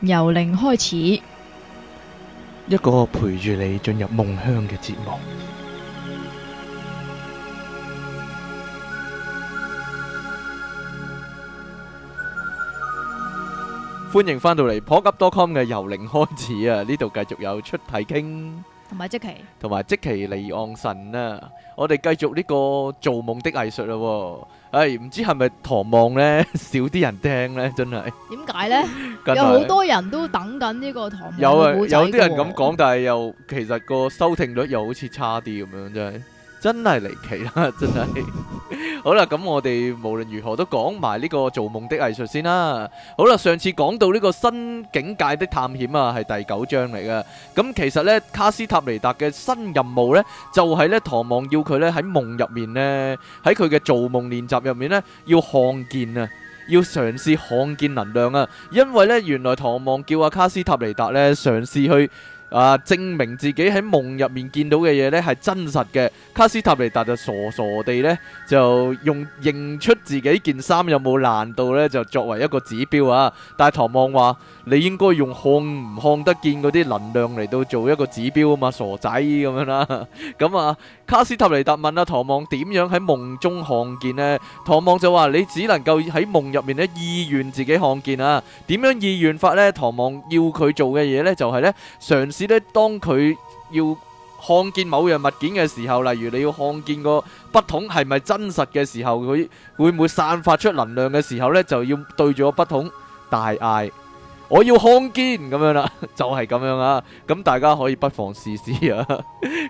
由零開始，一個陪住你進入夢鄉嘅節目。歡迎返到嚟 prog.com 嘅由零開始啊！呢度繼續有出題傾，同埋即期，同埋即期離岸神啦。我哋繼續呢個做夢的藝術啊！誒，唔、哎、知係咪唐望咧 少啲人聽咧，真係。點解咧？有好多人都等緊呢個唐望。有啊，有啲、哦、人咁講，但係又其實個收聽率又好似差啲咁樣，真係。真係離奇啦，真係。好啦，咁我哋無論如何都講埋呢個做夢的藝術先啦。好啦，上次講到呢個新境界的探險啊，係第九章嚟嘅。咁其實呢，卡斯塔尼達嘅新任務呢，就係呢，唐望要佢呢喺夢入面呢，喺佢嘅做夢練習入面呢，要看見啊，要嘗試看見能量啊，因為呢，原來唐望叫阿卡斯塔尼達呢，嘗試去。啊！證明自己喺夢入面見到嘅嘢咧係真實嘅，卡斯塔尼達就傻傻地咧就用認出自己件衫有冇爛到咧就作為一個指標啊！但係唐望話。你應該用看唔看得見嗰啲能量嚟到做一個指標啊嘛，傻仔咁樣啦。咁 啊，卡斯塔尼達問阿、啊、唐望點樣喺夢中看見呢？唐望就話，你只能夠喺夢入面咧，意願自己看見啊。點樣意願法呢？唐望要佢做嘅嘢呢，就係、是、呢：「嘗試呢，當佢要看見某樣物件嘅時候，例如你要看見個筆筒係咪真實嘅時候，佢會唔會散發出能量嘅時候呢，就要對住個筆筒大嗌。我要看見咁樣啦，就係咁樣啊！咁大家可以不妨試試啊！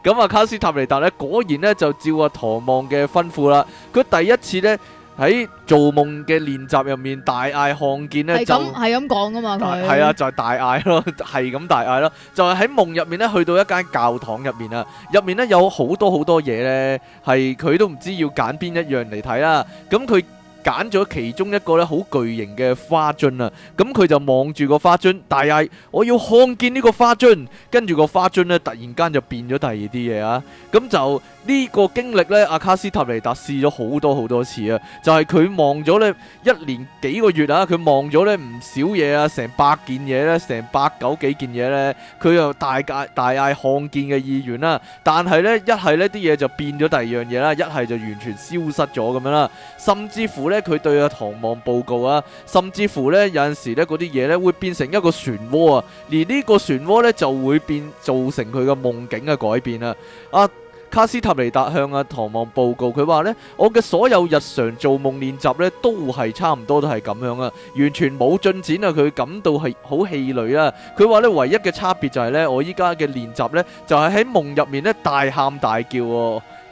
咁啊，卡斯塔尼達咧果然咧就照阿唐望嘅吩咐啦。佢第一次咧喺做夢嘅練習入面大嗌看見咧就係咁講噶嘛，係啊，就係大嗌咯，係咁大嗌咯，就係喺夢入面咧去到一間教堂入面啊，入面咧有好多好多嘢咧係佢都唔知要揀邊一樣嚟睇啦，咁佢。揀咗其中一個咧，好巨型嘅花樽啊！咁佢就望住個花樽，大嗌：我要看見呢個花樽！跟住個花樽咧，突然間就變咗第二啲嘢啊！咁就呢個經歷咧，阿卡斯塔尼達試咗好多好多次啊！就係佢望咗咧，一年幾個月啊，佢望咗咧唔少嘢啊，成百件嘢咧，成百九幾件嘢咧，佢又大嗌大嗌看見嘅意願啦！但係咧，一係咧啲嘢就變咗第二樣嘢啦，一係就完全消失咗咁樣啦，甚至乎咧。佢對阿唐望報告啊，甚至乎呢，有陣時咧，嗰啲嘢呢會變成一個漩渦啊，而呢個漩渦呢就會變造成佢個夢境嘅改變啊。阿卡斯塔尼達向阿唐望報告，佢話呢，我嘅所有日常做夢練習呢都係差唔多都係咁樣啊，完全冇進展啊，佢感到係好氣餒啊。佢話呢，唯一嘅差別就係呢，我依家嘅練習呢就係喺夢入面呢大喊大叫。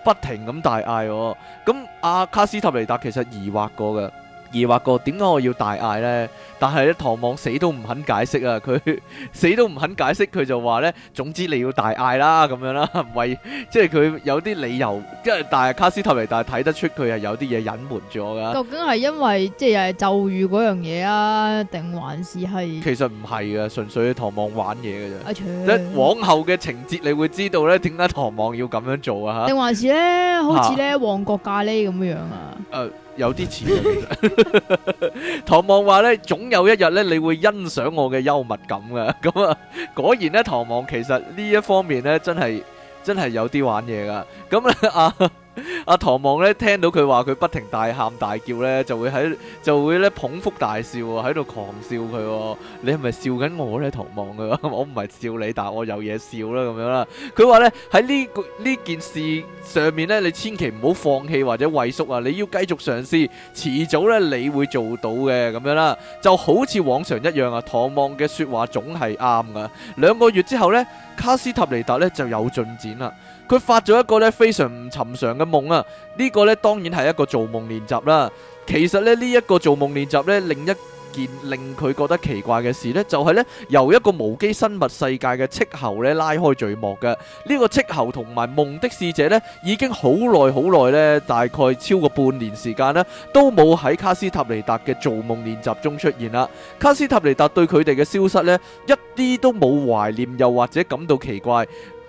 不停咁大嗌，咁阿卡斯塔尼達其實疑惑過嘅。疑惑過點解我要大嗌咧？但係咧，唐望死都唔肯解釋啊！佢死都唔肯解釋，佢就話咧：總之你要大嗌啦，咁樣啦，唔係即係佢有啲理由。即係但係卡斯特尼，但係睇得出佢係有啲嘢隱瞞咗噶。究竟係因為即係又係咒語嗰樣嘢啊，定還是係？其實唔係啊，純粹唐望玩嘢嘅咋。阿長，即往後嘅情節你會知道咧，點解唐望要咁樣做啊？吓，定還是咧，好似咧、啊、旺角咖喱咁樣樣啊？誒、呃。有啲似，嘅，其實唐望話咧，總有一日咧，你會欣賞我嘅幽默感噶。咁啊，果然咧，唐望其實呢一方面咧，真係真係有啲玩嘢噶。咁咧，啊。阿唐望咧聽到佢話佢不停大喊大叫咧，就會喺就會咧捧腹大笑喺度狂笑佢，你係咪笑緊我咧唐望噶？ 我唔係笑你，但我有嘢笑啦咁樣啦。佢話咧喺呢呢件事上面咧，你千祈唔好放棄或者畏縮啊！你要繼續嘗試，遲早咧你會做到嘅咁樣啦。就好似往常一樣啊，唐望嘅說話總係啱噶。兩個月之後咧，卡斯塔尼達咧就有進展啦。佢發咗一個咧非常唔尋常嘅夢啊！呢個咧當然係一個做夢練習啦。其實咧呢一個做夢練習咧，另一件令佢覺得奇怪嘅事呢，就係咧由一個無機生物世界嘅斥候咧拉開序幕嘅。呢個斥候同埋夢的使者呢，已經好耐好耐呢，大概超過半年時間呢，都冇喺卡斯塔尼達嘅做夢練習中出現啦。卡斯塔尼達對佢哋嘅消失呢，一啲都冇懷念，又或者感到奇怪。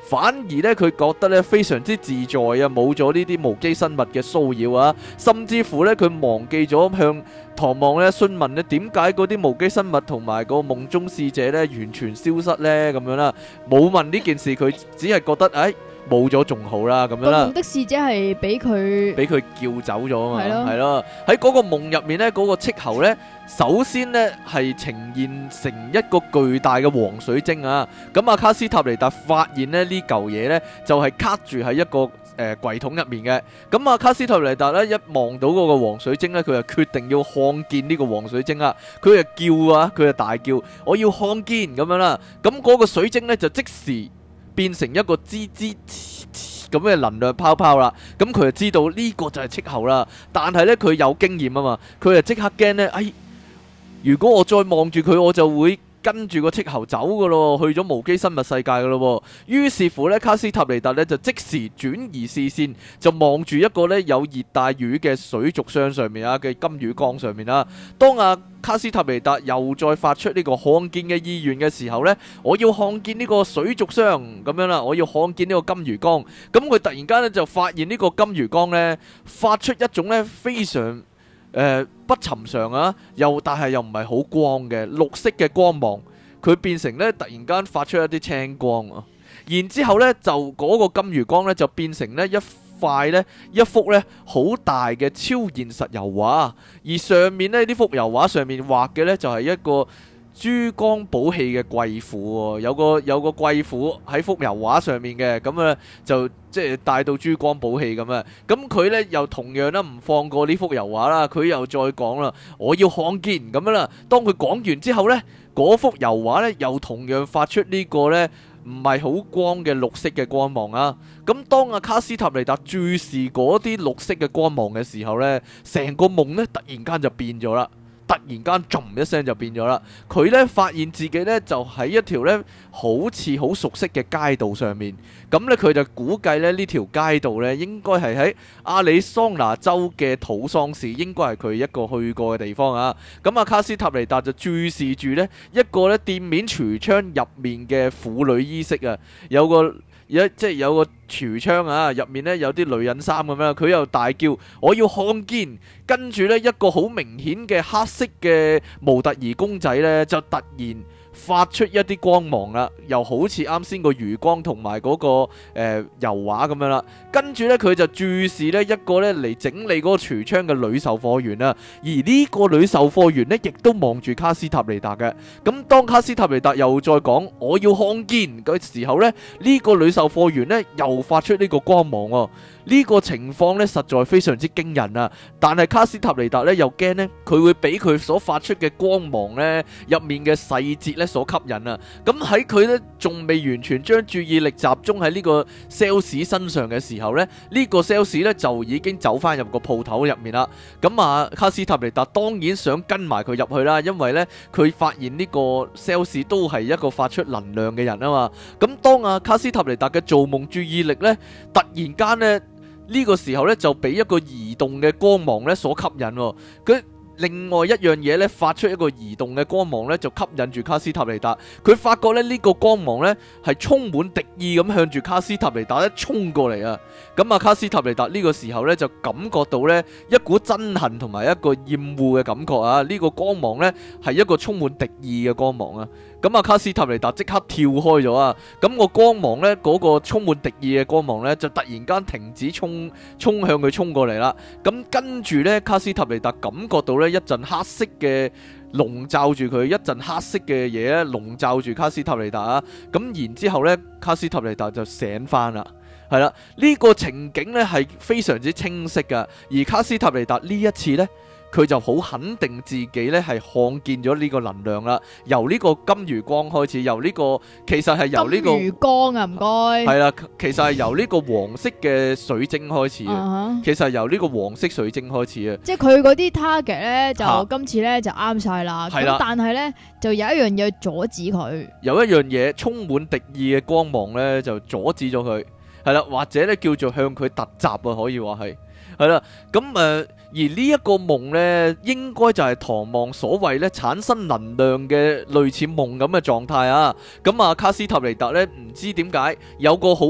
反而呢，佢覺得呢非常之自在啊，冇咗呢啲無機生物嘅騷擾啊，甚至乎呢，佢忘記咗向唐望呢詢問呢「點解嗰啲無機生物同埋個夢中使者呢完全消失呢？」咁樣啦，冇問呢件事，佢只係覺得誒。唉冇咗仲好啦，咁樣啦。的使者係俾佢俾佢叫走咗啊嘛，係咯對了，係咯。喺、那、嗰個夢入面咧，嗰個斥候咧，首先咧係呈現成一個巨大嘅黃水晶啊。咁阿卡斯塔尼達發現咧呢嚿嘢咧就係、是、卡住喺一個誒櫃、呃、桶入面嘅。咁阿卡斯塔尼達咧一望到嗰個黃水晶咧，佢就決定要看見呢個黃水晶啊。佢就叫啊，佢就大叫：我要看見咁樣啦。咁嗰個水晶咧就即時。變成一個滋滋咁嘅能量泡泡啦，咁佢就知道呢個就係斥候啦。但係呢，佢有經驗啊嘛，佢就即刻驚呢：「哎！如果我再望住佢，我就會。跟住個戚猴走嘅咯，去咗無機生物世界嘅咯。於是乎咧，卡斯塔尼達呢就即時轉移視線，就望住一個咧有熱帶魚嘅水族箱上面啊嘅金魚缸上面啦。當阿卡斯塔尼達又再發出呢個看見嘅意願嘅時候呢，我要看見呢個水族箱咁樣啦，我要看見呢個金魚缸。咁佢突然間呢就發現呢個金魚缸呢發出一種呢非常。誒、呃、不尋常啊！又但係又唔係好光嘅綠色嘅光芒，佢變成咧突然間發出一啲青光啊！然之後咧就嗰、那個金魚缸咧就變成咧一塊咧一幅咧好大嘅超現實油畫，而上面咧呢幅油畫上面畫嘅咧就係、是、一個。珠光寶氣嘅貴婦，有個有個貴婦喺幅油畫上面嘅，咁啊就即係帶到珠光寶氣咁啊。咁佢呢又同樣咧唔放過呢幅油畫啦，佢又再講啦，我要看見咁樣啦。當佢講完之後呢，嗰幅油畫呢又同樣發出呢個呢唔係好光嘅綠色嘅光芒啊。咁當阿卡斯塔尼達注視嗰啲綠色嘅光芒嘅時候呢，成個夢呢突然間就變咗啦。突然間 r 一聲就變咗啦！佢咧發現自己咧就喺一條咧好似好熟悉嘅街道上面，咁咧佢就估計咧呢條街道咧應該係喺亞利桑那州嘅土桑市，應該係佢一個去過嘅地方啊！咁啊，卡斯塔尼達就注視住呢一個咧店面櫥窗入面嘅婦女衣飾啊，有個。一即係有個櫥窗啊，入面咧有啲女人衫咁樣，佢又大叫我要看見，跟住咧一個好明顯嘅黑色嘅模特兒公仔咧就突然。發出一啲光芒啦，又好似啱先個魚缸同埋嗰個誒油畫咁樣啦。跟住呢，佢就注視呢一個呢嚟整理嗰個櫥窗嘅女售貨員啦。而呢個女售貨員呢，亦都望住卡斯塔尼達嘅。咁當卡斯塔尼達又再講我要看見嘅時候呢，呢、這個女售貨員呢，又發出呢個光芒哦。呢個情況咧，實在非常之驚人啊！但係卡斯塔尼達咧又驚咧，佢會俾佢所發出嘅光芒咧入面嘅細節咧所吸引啊！咁喺佢咧仲未完全將注意力集中喺呢個 sales 身上嘅時候咧，呢個 sales 咧就已經走翻入個鋪頭入面啦。咁啊，卡斯塔尼達當然想跟埋佢入去啦，因為咧佢發現呢個 sales 都係一個發出能量嘅人啊嘛。咁當啊，卡斯塔尼達嘅造夢注意力咧突然間咧～呢個時候咧，就俾一個移動嘅光芒咧所吸引喎，佢。另外一樣嘢咧，發出一個移動嘅光芒咧，就吸引住卡斯塔尼達，佢發覺咧呢個光芒咧係充滿敵意咁向住卡斯塔尼達咧衝過嚟啊！咁啊卡斯塔尼達呢個時候咧就感覺到咧一股憎恨同埋一個厭惡嘅感覺啊！呢個光芒咧係一個充滿敵意嘅光芒啊！咁啊卡斯塔尼達即刻跳開咗啊！咁個光芒咧個充滿敵意嘅光芒咧就突然間停止衝，衝向佢衝過嚟啦！咁跟住咧卡斯塔尼達感覺到咧。一陣黑色嘅籠罩住佢，一陣黑色嘅嘢咧籠罩住卡斯塔尼達，咁然之後咧，卡斯塔尼達就醒翻啦，係啦，呢個情景呢係非常之清晰噶，而卡斯塔尼達呢一次呢。佢就好肯定自己咧，係看見咗呢個能量啦。由呢個金魚光開始，由呢個其實係由呢個金魚光啊，唔該。係啦，其實係由呢個黃色嘅水晶開始啊。其實係由呢個黃色水晶開始啊。即係佢嗰啲 target 咧，就今次咧就啱晒啦。咁但係咧，就有一樣嘢阻止佢。有一樣嘢充滿敵意嘅光芒咧，就阻止咗佢。係啦，或者咧叫做向佢突襲啊，可以話係。係啦，咁誒。而夢呢一個夢呢，應該就係唐望所謂呢產生能量嘅類似夢咁嘅狀態啊！咁啊，卡斯塔尼特呢，唔知點解有個好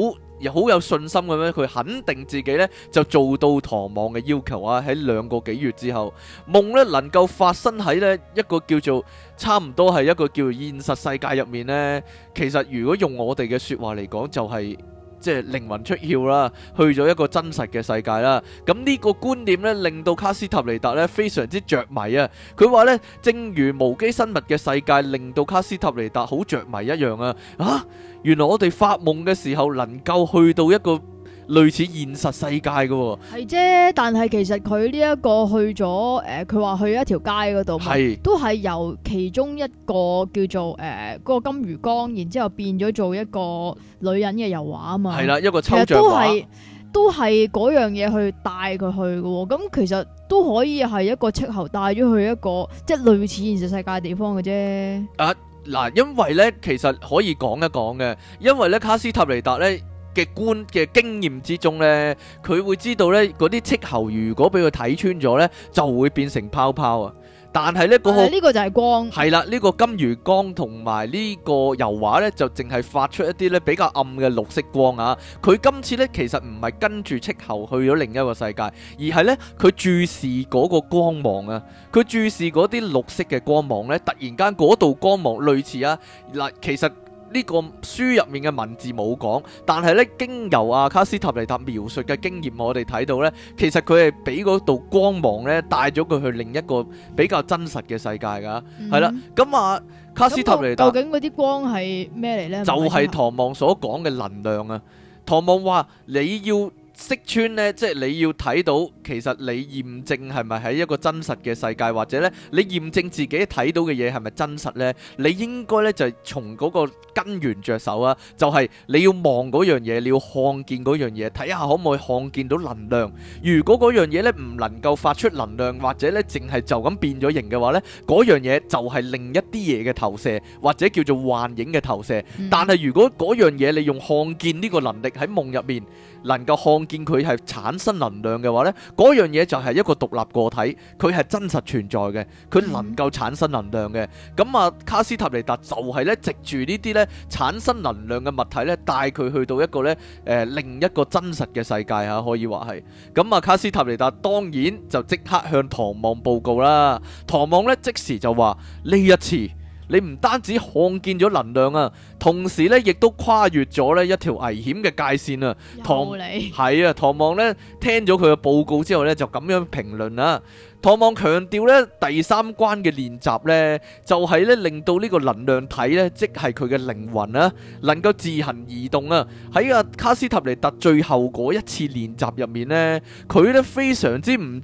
好有信心咁樣，佢肯定自己呢，就做到唐望嘅要求啊！喺兩個幾月之後，夢呢能夠發生喺呢一個叫做差唔多係一個叫做現實世界入面呢。其實如果用我哋嘅說話嚟講，就是，就係。即係靈魂出竅啦，去咗一個真實嘅世界啦。咁、這、呢個觀念呢，令到卡斯塔尼達咧非常之着迷啊。佢話呢，正如無機生物嘅世界令到卡斯塔尼達好着迷一樣啊。啊，原來我哋發夢嘅時候能夠去到一個。類似現實世界噶喎，係啫，但係其實佢呢一個去咗誒，佢、呃、話去一條街嗰度，係的都係由其中一個叫做誒、呃那個金魚缸，然之後變咗做一個女人嘅油畫啊嘛，係啦，一個抽象畫都係都係嗰樣嘢去帶佢去噶，咁其實都,都、哦嗯、其實可以係一個斥候帶咗去一個即係類似現實世界嘅地方嘅啫。啊，嗱，因為咧，其實可以講一講嘅，因為咧，卡斯塔尼達咧。嘅觀嘅經驗之中呢，佢會知道呢嗰啲戚猴如果俾佢睇穿咗呢，就會變成泡泡、嗰個、啊！但係呢嗰個，係呢個就係光，係啦，呢、呢個金魚缸同埋呢個油畫呢，就淨係發出一啲呢比較暗嘅綠色光啊！佢今次呢，其實唔係跟住戚猴去咗另一個世界，而係呢，佢注視嗰個光芒啊！佢注視嗰啲綠色嘅光芒呢，突然間嗰道光芒類似啊嗱，其實。呢個書入面嘅文字冇講，但係咧經由阿、啊、卡斯塔尼達描述嘅經驗，我哋睇到咧，其實佢係俾嗰道光芒咧帶咗佢去另一個比較真實嘅世界㗎，係啦、嗯。咁啊，卡斯塔尼達、嗯、究竟嗰啲光係咩嚟咧？就係唐望所講嘅能量啊！唐望話你要。識穿咧，即係你要睇到，其實你驗證係咪喺一個真實嘅世界，或者咧，你驗證自己睇到嘅嘢係咪真實咧？你應該咧就係從嗰個根源着手啊！就係、是、你要望嗰樣嘢，你要看見嗰樣嘢，睇下可唔可以看見到能量。如果嗰樣嘢咧唔能夠發出能量，或者咧淨係就咁變咗形嘅話咧，嗰樣嘢就係另一啲嘢嘅投射，或者叫做幻影嘅投射。嗯、但係如果嗰樣嘢你用看見呢個能力喺夢入面。能夠看見佢係產生能量嘅話，呢嗰樣嘢就係一個獨立個體，佢係真實存在嘅，佢能夠產生能量嘅。咁啊，卡斯塔尼達就係咧，藉住呢啲咧產生能量嘅物體咧，帶佢去到一個咧誒、呃、另一個真實嘅世界嚇，可以話係。咁啊，卡斯塔尼達當然就即刻向唐望報告啦。唐望呢，即時就話呢一次。你唔單止看見咗能量啊，同時咧亦都跨越咗咧一條危險嘅界線啊！唐係你啊，唐望咧聽咗佢嘅報告之後咧就咁樣評論啊。唐望強調咧第三關嘅練習咧就係、是、咧令到呢個能量體咧即係佢嘅靈魂啊能夠自行移動啊。喺阿卡斯塔尼特最後嗰一次練習入面咧，佢咧非常之唔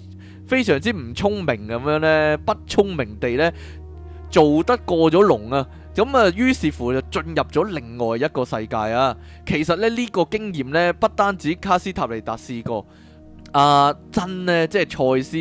非常之唔聰明咁樣咧不聰明地咧。做得過咗龍啊！咁啊，於是乎就進入咗另外一個世界啊！其實咧，呢、這個經驗呢，不單止卡斯塔尼達試過，阿、啊、珍呢，即係賽斯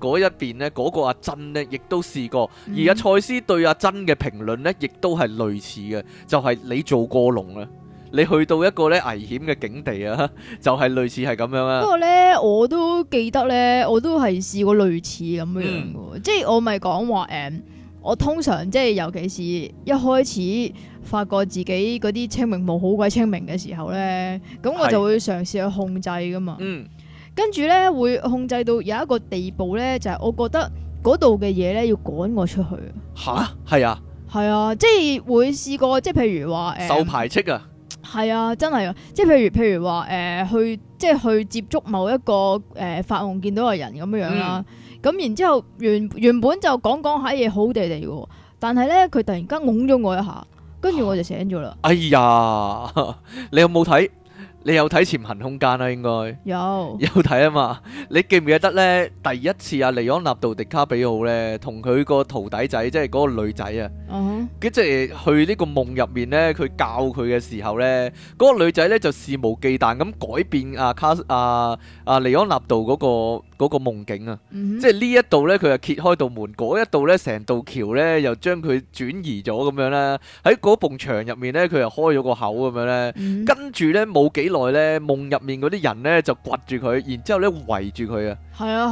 嗰一邊呢，嗰、那個阿、啊、珍呢，亦都試過。而阿、啊、賽斯對阿珍嘅評論呢，亦都係類似嘅，就係、是、你做過龍啊，你去到一個咧危險嘅境地啊，就係、是、類似係咁樣啊。不過、嗯、 呢，我都記得呢，我都係試過類似咁樣嘅，嗯、即係我咪講話誒。我通常即係，尤其是一開始發覺自己嗰啲清明夢好鬼清明嘅時候咧，咁我就會嘗試去控制噶嘛。嗯，跟住咧會控制到有一個地步咧，就係、是、我覺得嗰度嘅嘢咧要趕我出去。吓，係啊，係啊，即係會試過，即係譬如話誒，呃、受排斥啊，係啊，真係啊，即係譬如譬如話誒、呃，去即係去接觸某一個誒，發、呃、夢見到嘅人咁樣樣啦。嗯咁然之後原原本就講講下嘢好地地嘅，但係咧佢突然間擁咗我一下，跟住我就醒咗啦。哎呀，你有冇睇？你有睇潛行空間啦，應該有有睇啊嘛！你記唔記得咧？第一次阿里安納度迪卡比奧咧，同佢個徒弟仔，即係嗰個女仔啊，佢即係去呢個夢入面咧，佢教佢嘅時候咧，嗰個女仔咧就肆無忌憚咁改變阿卡阿阿里安納度嗰個嗰個夢境啊！即係呢一度咧，佢就揭開道門；嗰一度咧，成道橋咧又將佢轉移咗咁樣咧。喺嗰埲牆入面咧，佢又開咗個口咁樣咧。跟住咧冇幾內咧夢入面嗰啲人咧就掘住佢，然之後咧圍住佢啊！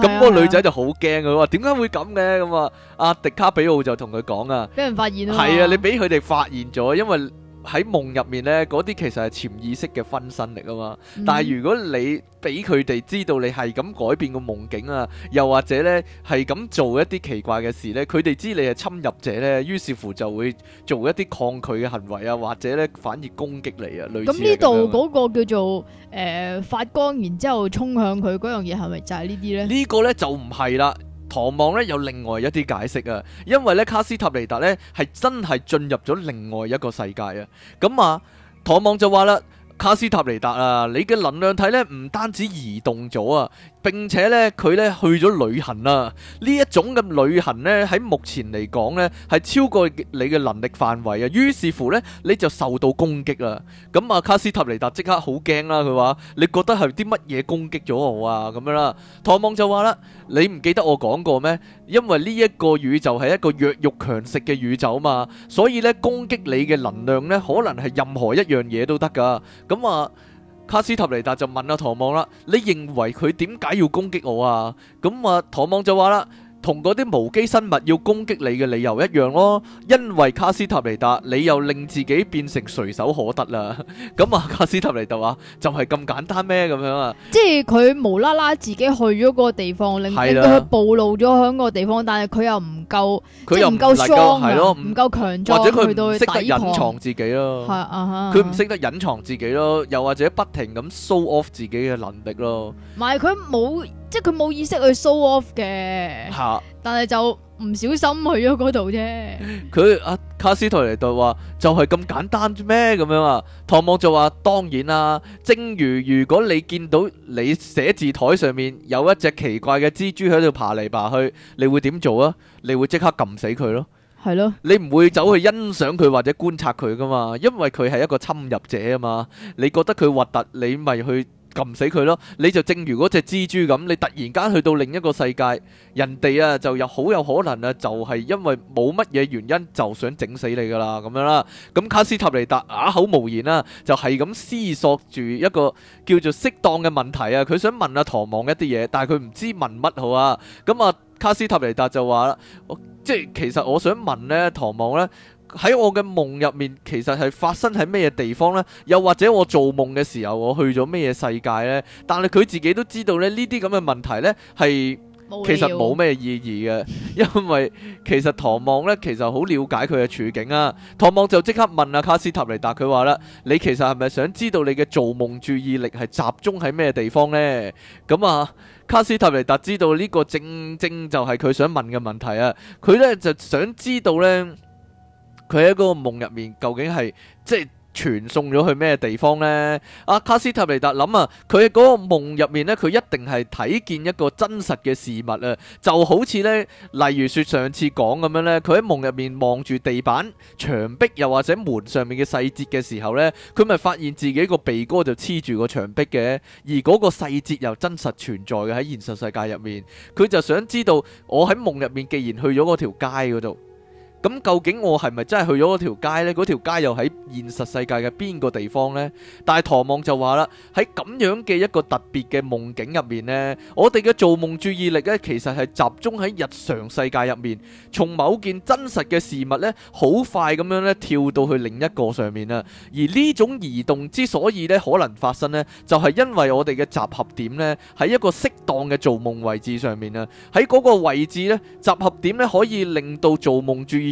咁、啊、個女仔就好驚，佢話點解會咁嘅？咁啊，阿、啊、迪卡比奧就同佢講啊，俾人發現係啊！你俾佢哋發現咗，因為。喺夢入面呢，嗰啲其實係潛意識嘅分身嚟啊嘛。嗯、但係如果你俾佢哋知道你係咁改變個夢境啊，又或者呢係咁做一啲奇怪嘅事呢，佢哋知你係侵入者呢，於是乎就會做一啲抗拒嘅行為啊，或者呢反而攻擊你啊。類似咁呢度嗰個叫做誒、呃、發光然，然之後衝向佢嗰樣嘢，係咪就係呢啲呢？呢個呢就唔係啦。唐望咧有另外一啲解釋啊，因為咧卡斯塔尼達咧係真係進入咗另外一個世界啊，咁啊唐望就話啦。卡斯塔尼達啊，你嘅能量體咧唔單止移動咗啊，並且咧佢咧去咗旅行啊。呢一種嘅旅行咧喺目前嚟講咧係超過你嘅能力範圍啊。於是乎咧，你就受到攻擊啦。咁啊，卡斯塔尼達即刻好驚啦，佢話：你覺得係啲乜嘢攻擊咗我啊？咁樣啦，唐望就話啦，你唔記得我講過咩？因為呢一個宇宙係一個弱肉強食嘅宇宙啊嘛，所以咧攻擊你嘅能量咧，可能係任何一樣嘢都得㗎。咁啊，卡斯塔尼達就問阿唐望啦，你認為佢點解要攻擊我啊？咁啊，唐望就話啦。同嗰啲無機生物要攻擊你嘅理由一樣咯，因為卡斯塔尼達，你又令自己變成隨手可得啦。咁啊，卡斯塔尼達話，就係咁簡單咩咁樣啊？即係佢無啦啦自己去咗嗰個地方，令到佢暴露咗喺嗰個地方，但係佢又唔夠，佢又唔夠壯，係咯，唔夠強壯，或者佢唔識隱藏自己咯。係啊，佢唔識得隱藏自己咯，又或者不停咁 show off 自己嘅能力咯。唔係佢冇。即係佢冇意識去 show off 嘅，但係就唔小心去咗嗰度啫。佢阿、啊、卡斯泰尼就話就係咁簡單啫咩咁樣啊？唐望就話當然啦、啊，正如如果你見到你寫字台上面有一隻奇怪嘅蜘蛛喺度爬嚟爬去，你會點做啊？你會即刻撳死佢咯，係咯？你唔會走去欣賞佢或者觀察佢噶嘛？因為佢係一個侵入者啊嘛，你覺得佢核突，你咪去。撳死佢咯！你就正如嗰隻蜘蛛咁，你突然間去到另一個世界，人哋啊就有好有可能啊，就係因為冇乜嘢原因就想整死你噶啦咁樣啦。咁卡斯塔尼達啞口無言啦，就係咁思索住一個叫做適當嘅問題啊，佢想問阿唐望一啲嘢，但係佢唔知問乜好啊。咁啊，卡斯塔尼達就話啦，即係其實我想問呢，唐望呢。」喺我嘅夢入面，其實係發生喺咩地方呢？又或者我做夢嘅時候，我去咗咩嘢世界呢？但係佢自己都知道呢，呢啲咁嘅問題呢，係其實冇咩意義嘅，因為其實唐望呢，其實好了解佢嘅處境啊。唐望就即刻問阿、啊、卡斯塔尼達，佢話啦：你其實係咪想知道你嘅做夢注意力係集中喺咩地方呢？嗯，咁啊，卡斯塔尼達知道呢個正正就係佢想問嘅問題啊。佢呢就想知道呢。佢喺嗰個夢入面，究竟係即係傳送咗去咩地方呢？阿、啊、卡斯塔尼達諗啊，佢喺嗰個夢入面呢，佢一定係睇見一個真實嘅事物啊！就好似呢，例如説上次講咁樣呢，佢喺夢入面望住地板、牆壁又或者門上面嘅細節嘅時候呢，佢咪發現自己個鼻哥就黐住個牆壁嘅，而嗰個細節又真實存在嘅喺現實世界入面。佢就想知道，我喺夢入面既然去咗嗰條街嗰度。咁究竟我係咪真係去咗嗰條街咧？嗰條街又喺現實世界嘅邊個地方咧？但係唐望就話啦，喺咁樣嘅一個特別嘅夢境入面咧，我哋嘅做夢注意力咧，其實係集中喺日常世界入面，從某件真實嘅事物咧，好快咁樣咧跳到去另一個上面啦。而呢種移動之所以咧可能發生咧，就係因為我哋嘅集合點咧，喺一個適當嘅做夢位置上面啦。喺嗰個位置咧，集合點咧可以令到做夢注意。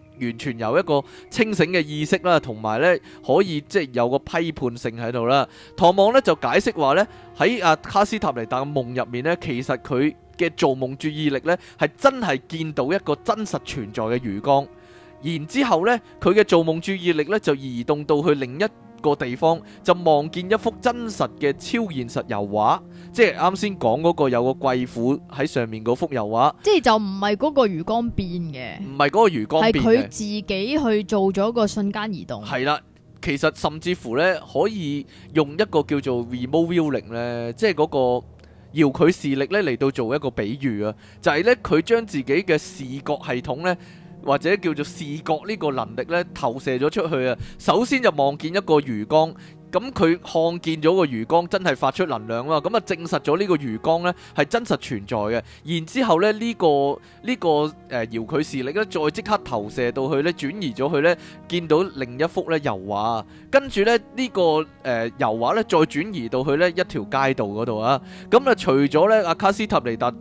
完全由一個清醒嘅意識啦，同埋呢可以即係有個批判性喺度啦。唐望呢就解釋話呢喺阿卡斯塔尼達嘅夢入面呢，其實佢嘅造夢注意力呢係真係見到一個真實存在嘅魚缸，然之後呢，佢嘅造夢注意力呢就移動到去另一個地方，就望見一幅真實嘅超現實油畫。即係啱先講嗰個有個貴婦喺上面嗰幅油畫，即係就唔係嗰個魚缸變嘅，唔係嗰個魚缸變，係佢自己去做咗個瞬間移動。係啦，其實甚至乎呢，可以用一個叫做 remote viewing 呢，即係嗰個遙距視力呢，嚟到做一個比喻啊，就係呢，佢將自己嘅視覺系統呢，或者叫做視覺呢個能力呢，投射咗出去啊。首先就望見一個魚缸。咁佢看見咗個魚缸，真係發出能量啊嘛！咁啊，證實咗呢個魚缸呢係真實存在嘅。然之後咧，這個這個呃、呢個呢個誒搖佢視力咧，再即刻投射到轉去呢，轉移咗去呢，見到另一幅咧油畫，跟住呢，呢、這個誒、呃、油畫呢，再轉移到去呢一條街道嗰度啊！咁啊，除咗呢，阿卡斯塔尼達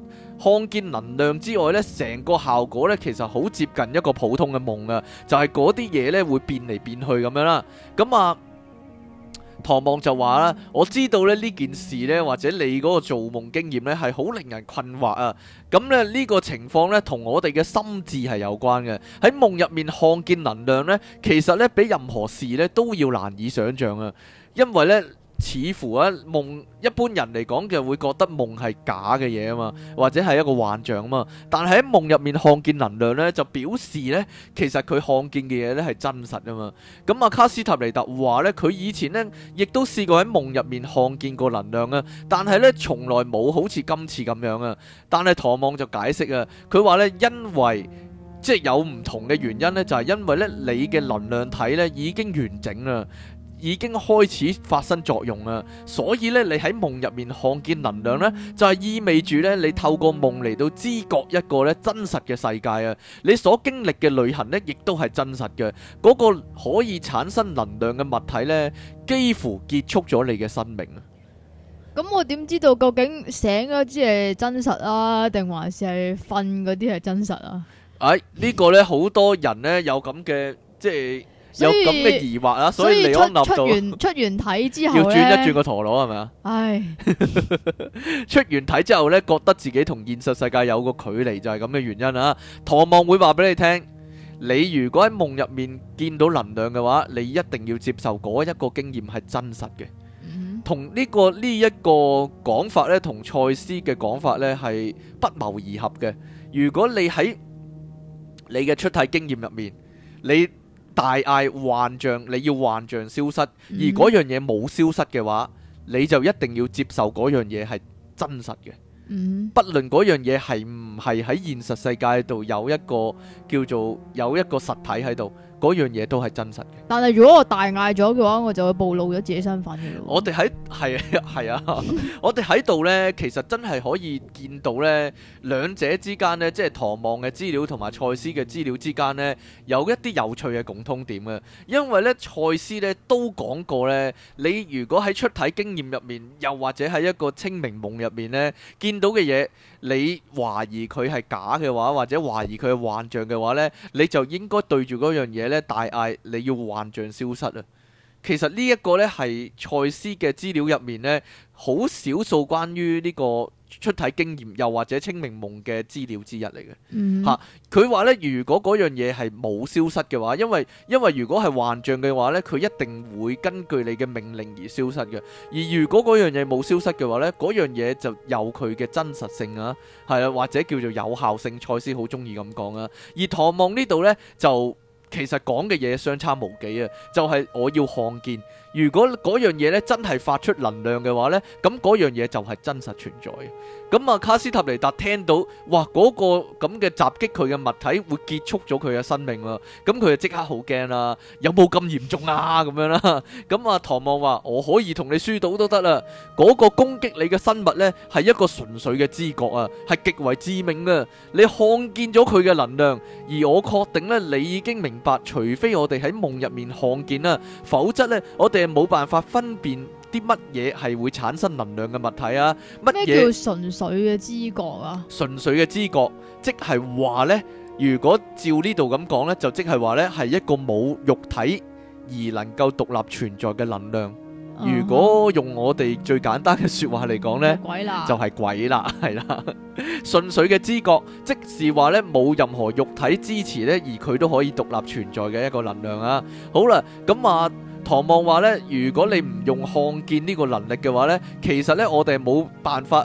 看見能量之外呢，成個效果呢，其實好接近一個普通嘅夢啊！就係嗰啲嘢呢，會變嚟變去咁樣啦。咁啊～唐望就話啦，我知道咧呢件事呢，或者你嗰個做夢經驗呢，係好令人困惑啊。咁咧呢個情況呢，同我哋嘅心智係有關嘅。喺夢入面看見能量呢，其實呢，比任何事呢都要難以想像啊，因為呢。似乎啊，夢一般人嚟講就會覺得夢係假嘅嘢啊嘛，或者係一個幻象啊嘛。但係喺夢入面看見能量咧，就表示咧，其實佢看見嘅嘢咧係真實啊嘛。咁啊，卡斯塔尼特話咧，佢以前咧亦都試過喺夢入面看見過能量啊，但係咧從來冇好似今次咁樣啊。但係唐望就解釋啊，佢話咧因為即係有唔同嘅原因咧，就係因為咧你嘅能量體咧已經完整啊。已經開始發生作用啦，所以咧，你喺夢入面看見能量咧，就係、是、意味住咧，你透過夢嚟到知覺一個咧真實嘅世界啊！你所經歷嘅旅行咧，亦都係真實嘅。嗰、那個可以產生能量嘅物體咧，幾乎結束咗你嘅生命啊！咁我點知道究竟醒嗰啲係真實啊，定還是係瞓嗰啲係真實啊？誒、哎，這個、呢個咧，好多人咧有咁嘅，即係。有咁嘅疑惑啊！所以離開立度，出出完體之後，要轉一轉個陀螺係咪啊？唉，出完體之後呢，覺得自己同現實世界有個距離，就係咁嘅原因啊！唐望會話俾你聽，你如果喺夢入面見到能量嘅話，你一定要接受嗰一個經驗係真實嘅，同呢個呢一個講法呢，同賽斯嘅講法呢係不謀而合嘅。如果你喺你嘅出體經驗入面，你大嗌幻象，你要幻象消失，而嗰樣嘢冇消失嘅話，你就一定要接受嗰樣嘢係真實嘅，不論嗰樣嘢係唔係喺現實世界度有一個叫做有一個實體喺度。嗰樣嘢都係真實嘅，但係如果我大嗌咗嘅話，我就會暴露咗自己身份嘅。我哋喺係係啊，我哋喺度呢，其實真係可以見到呢兩者之間呢，即係唐望嘅資料同埋賽斯嘅資料之間呢，有一啲有趣嘅共通點嘅，因為呢，賽斯呢都講過呢：「你如果喺出體經驗入面，又或者喺一個清明夢入面呢，見到嘅嘢。你懷疑佢係假嘅話，或者懷疑佢係幻象嘅話呢，你就應該對住嗰樣嘢呢，大嗌你要幻象消失啊！其實呢一個呢係賽斯嘅資料入面呢，好少數關於呢、呢個。出體經驗又或者清明夢嘅資料之一嚟嘅，嚇佢話咧，如果嗰樣嘢係冇消失嘅話，因為因為如果係幻象嘅話咧，佢一定會根據你嘅命令而消失嘅。而如果嗰樣嘢冇消失嘅話咧，嗰樣嘢就有佢嘅真實性啊，係啦，或者叫做有效性。蔡司好中意咁講啊。而唐望呢度咧，就其實講嘅嘢相差無幾啊，就係、是、我要看見。如果嗰樣嘢咧真係發出能量嘅話咧，咁嗰樣嘢就係真實存在嘅。咁啊，卡斯塔尼達聽到，哇，嗰個咁嘅襲擊佢嘅物體會結束咗佢嘅生命啦。咁佢就即刻好驚啦，有冇咁嚴重啊？咁樣啦。咁啊，唐望話：我可以同你輸到都得啦。嗰個攻擊你嘅生物咧，係一個純粹嘅知覺啊，係極為致命啊。你看見咗佢嘅能量，而我確定咧，你已經明白，除非我哋喺夢入面看見啦，否則咧，我哋。冇辦法分辨啲乜嘢係會產生能量嘅物體啊？乜嘢叫純粹嘅知覺啊？純粹嘅知覺，即係話咧，如果照呢度咁講咧，就即係話咧，係一個冇肉體而能夠獨立存在嘅能量。如果用我哋最簡單嘅說話嚟講咧，就係鬼啦，係啦。純粹嘅知覺，即是話咧，冇任何肉體支持咧，而佢都可以獨立存在嘅一個能量啊。好啦，咁啊。唐望話咧：如果你唔用看見呢個能力嘅話咧，其實咧我哋冇辦法。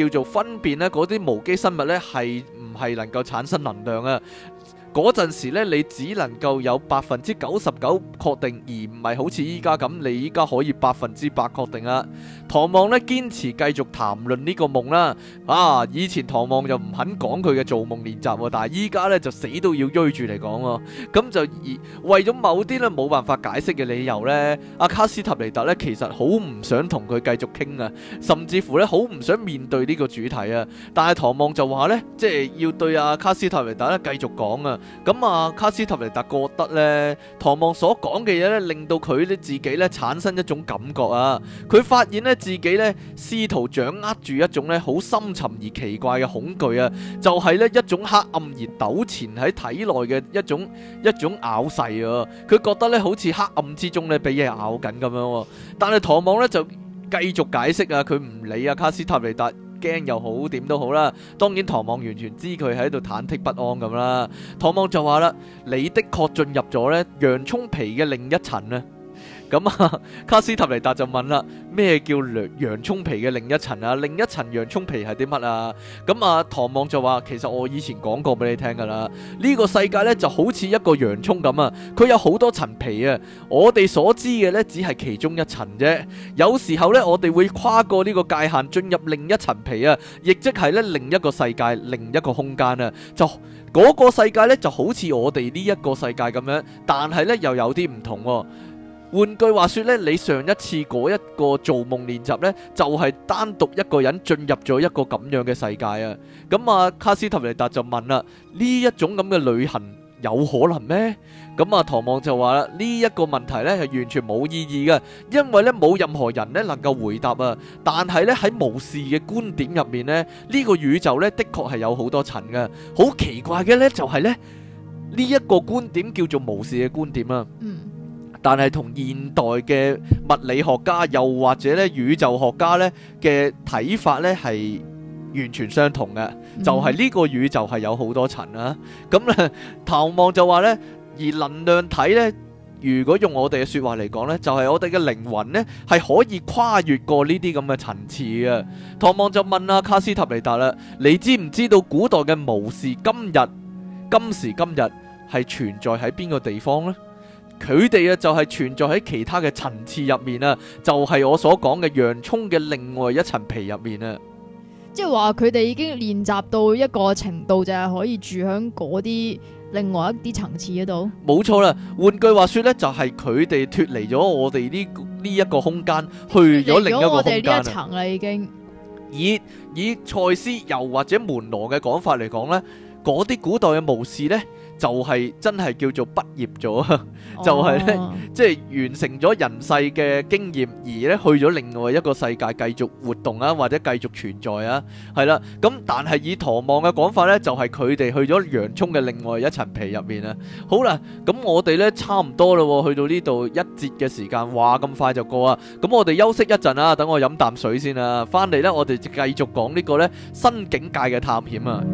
叫做分辨咧，嗰啲無機生物咧，係唔係能夠產生能量啊？嗰陣時咧，你只能夠有百分之九十九確定，而唔係好似依家咁，你依家可以百分之百確定啊！唐望咧堅持繼續談論呢個夢啦，啊！以前唐望就唔肯講佢嘅做夢練習喎，但係依家咧就死都要追住嚟講喎。咁就以為咗某啲咧冇辦法解釋嘅理由咧，阿卡斯塔尼達咧其實好唔想同佢繼續傾啊，甚至乎咧好唔想面對呢個主題啊。但係唐望就話咧，即係要對阿卡斯塔尼達咧繼續講啊。咁啊，卡斯塔尼達覺得咧，唐望所講嘅嘢咧，令到佢咧自己咧產生一種感覺啊。佢發現咧。自己咧，試圖掌握住一種咧好深沉而奇怪嘅恐懼啊，就係咧一種黑暗而糾纏喺體內嘅一種一種咬噬啊！佢覺得咧好似黑暗之中咧畀嘢咬緊咁樣喎。但係唐望咧就繼續解釋啊，佢唔理啊卡斯塔尼達驚又好點都好啦。當然唐望完全知佢喺度忐忑不安咁啦。唐望就話啦：「你的確進入咗咧洋葱皮嘅另一層啊！」咁啊，卡斯塔尼達就問啦，咩叫洋葱皮嘅另一層啊？另一層洋葱皮係啲乜啊？咁啊，唐望就話，其實我以前講過俾你聽噶啦，呢個世界咧就好似一個洋葱咁啊，佢有好多層皮啊，我哋所知嘅咧只係其中一層啫。有時候咧，我哋會跨過呢個界限，進入另一層皮啊，亦即係咧另一個世界、另一個空間啊。就嗰個世界咧就好似我哋呢一個世界咁樣，但係咧又有啲唔同啊。換句話說咧，你上一次嗰一個做夢練習咧，就係單獨一個人進入咗一個咁樣嘅世界啊！咁啊，卡斯托尼達就問啦：呢一種咁嘅旅行有可能咩？咁啊，唐望就話啦：呢一個問題咧係完全冇意義嘅，因為咧冇任何人咧能夠回答啊！但係咧喺無事嘅觀點入面咧，呢個宇宙咧的確係有好多層嘅。好奇怪嘅咧就係咧，呢一個觀點叫做無事嘅觀點啊！嗯。但係同現代嘅物理學家又或者咧宇宙學家咧嘅睇法咧係完全相同嘅。嗯、就係呢個宇宙係有好多層啊！咁咧，唐望就話咧，而能量體咧，如果用我哋嘅說話嚟講咧，就係、是、我哋嘅靈魂咧係可以跨越過呢啲咁嘅層次嘅。唐望就問阿、啊、卡斯塔尼達啦，你知唔知道古代嘅無時今日、今時今日係存在喺邊個地方咧？佢哋啊，就係存在喺其他嘅層次入面啊，就係我所講嘅洋葱嘅另外一層皮入面啊。即係話佢哋已經練習到一個程度，就係可以住喺嗰啲另外一啲層次嗰度。冇錯啦，換句話說呢就係佢哋脫離咗我哋呢呢一個空間，去咗另一個空間啦。呢一層啦，已經。以以賽斯又或者門羅嘅講法嚟講呢嗰啲古代嘅巫士呢。就係真係叫做畢業咗，就係咧，即係完成咗人世嘅經驗，而咧去咗另外一個世界繼續活動啊，或者繼續存在啊，係啦。咁但係以唐望嘅講法咧，就係佢哋去咗洋葱嘅另外一層皮入面。啊好啦，咁我哋咧差唔多啦，去到呢度一節嘅時間，哇咁快就過啊。咁我哋休息一陣啊，等我飲啖水先啊。翻嚟，咧我哋繼續講呢個咧新境界嘅探險啊。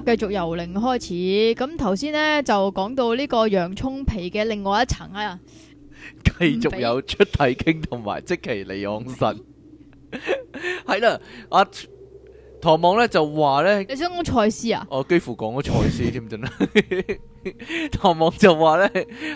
繼續由零開始，咁頭先呢，就講到呢個洋葱皮嘅另外一層啊。繼續有出題傾同埋，即其利昂神。 係、啊、啦，阿唐望呢就話呢，呢你想講賽斯啊？我、啊、幾乎講咗賽斯添咁啦。知 唐 望就話呢，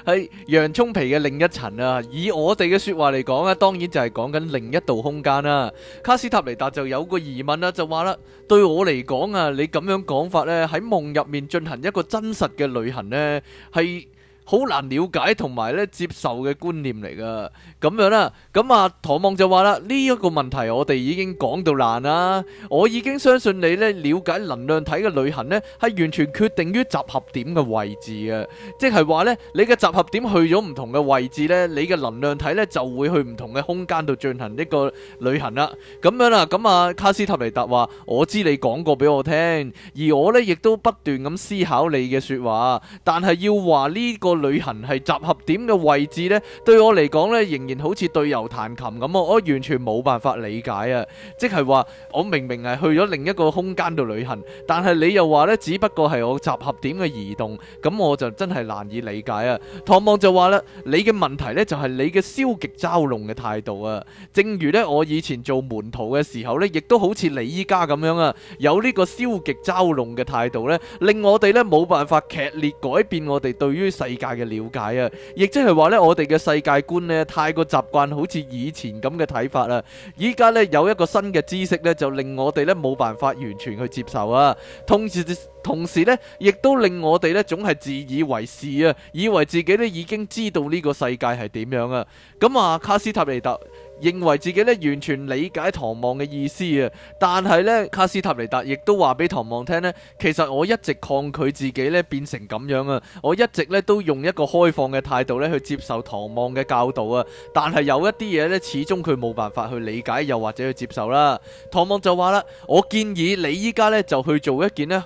喺洋蔥皮嘅另一層啊，以我哋嘅說話嚟講啊，當然就係講緊另一度空間啦。卡斯塔尼達就有個疑問啦，就話啦，對我嚟講啊，你咁樣講法呢，喺夢入面進行一個真實嘅旅行呢？」係。好難了解同埋咧，接受嘅觀念嚟噶，咁樣啦，咁啊，唐望就話啦，呢一個問題我哋已經講到爛啦，我已經相信你咧，了解能量體嘅旅行咧，係完全決定於集合點嘅位置啊，即係話咧，你嘅集合點去咗唔同嘅位置咧，你嘅能量體咧就會去唔同嘅空間度進行一個旅行啦，咁樣啦，咁啊，卡斯特尼達話我知你講過俾我聽，而我咧亦都不斷咁思考你嘅說話，但係要話呢個。旅行係集合點嘅位置咧，對我嚟講咧，仍然好似對牛彈琴咁啊！我完全冇辦法理解啊！即係話我明明係去咗另一個空間度旅行，但係你又話咧，只不過係我集合點嘅移動，咁我就真係難以理解啊！唐望就話咧，你嘅問題咧就係你嘅消極嘲弄嘅態度啊！正如咧我以前做門徒嘅時候咧，亦都好似你依家咁樣啊，有呢個消極嘲弄嘅態度咧，令我哋咧冇辦法劇烈改變我哋對於世。界嘅了解啊，亦即係話呢，我哋嘅世界觀呢，太過習慣好似以前咁嘅睇法啦。依家呢，有一個新嘅知識呢，就令我哋呢冇辦法完全去接受啊。同時，同時呢，亦都令我哋呢總係自以為是啊，以為自己呢已經知道呢個世界係點樣啊。咁啊，卡斯塔尼特。認為自己咧完全理解唐望嘅意思啊，但係咧卡斯塔尼達亦都話俾唐望聽咧，其實我一直抗拒自己咧變成咁樣啊，我一直咧都用一個開放嘅態度咧去接受唐望嘅教導啊，但係有一啲嘢咧始終佢冇辦法去理解又或者去接受啦。唐望就話啦，我建議你依家咧就去做一件咧。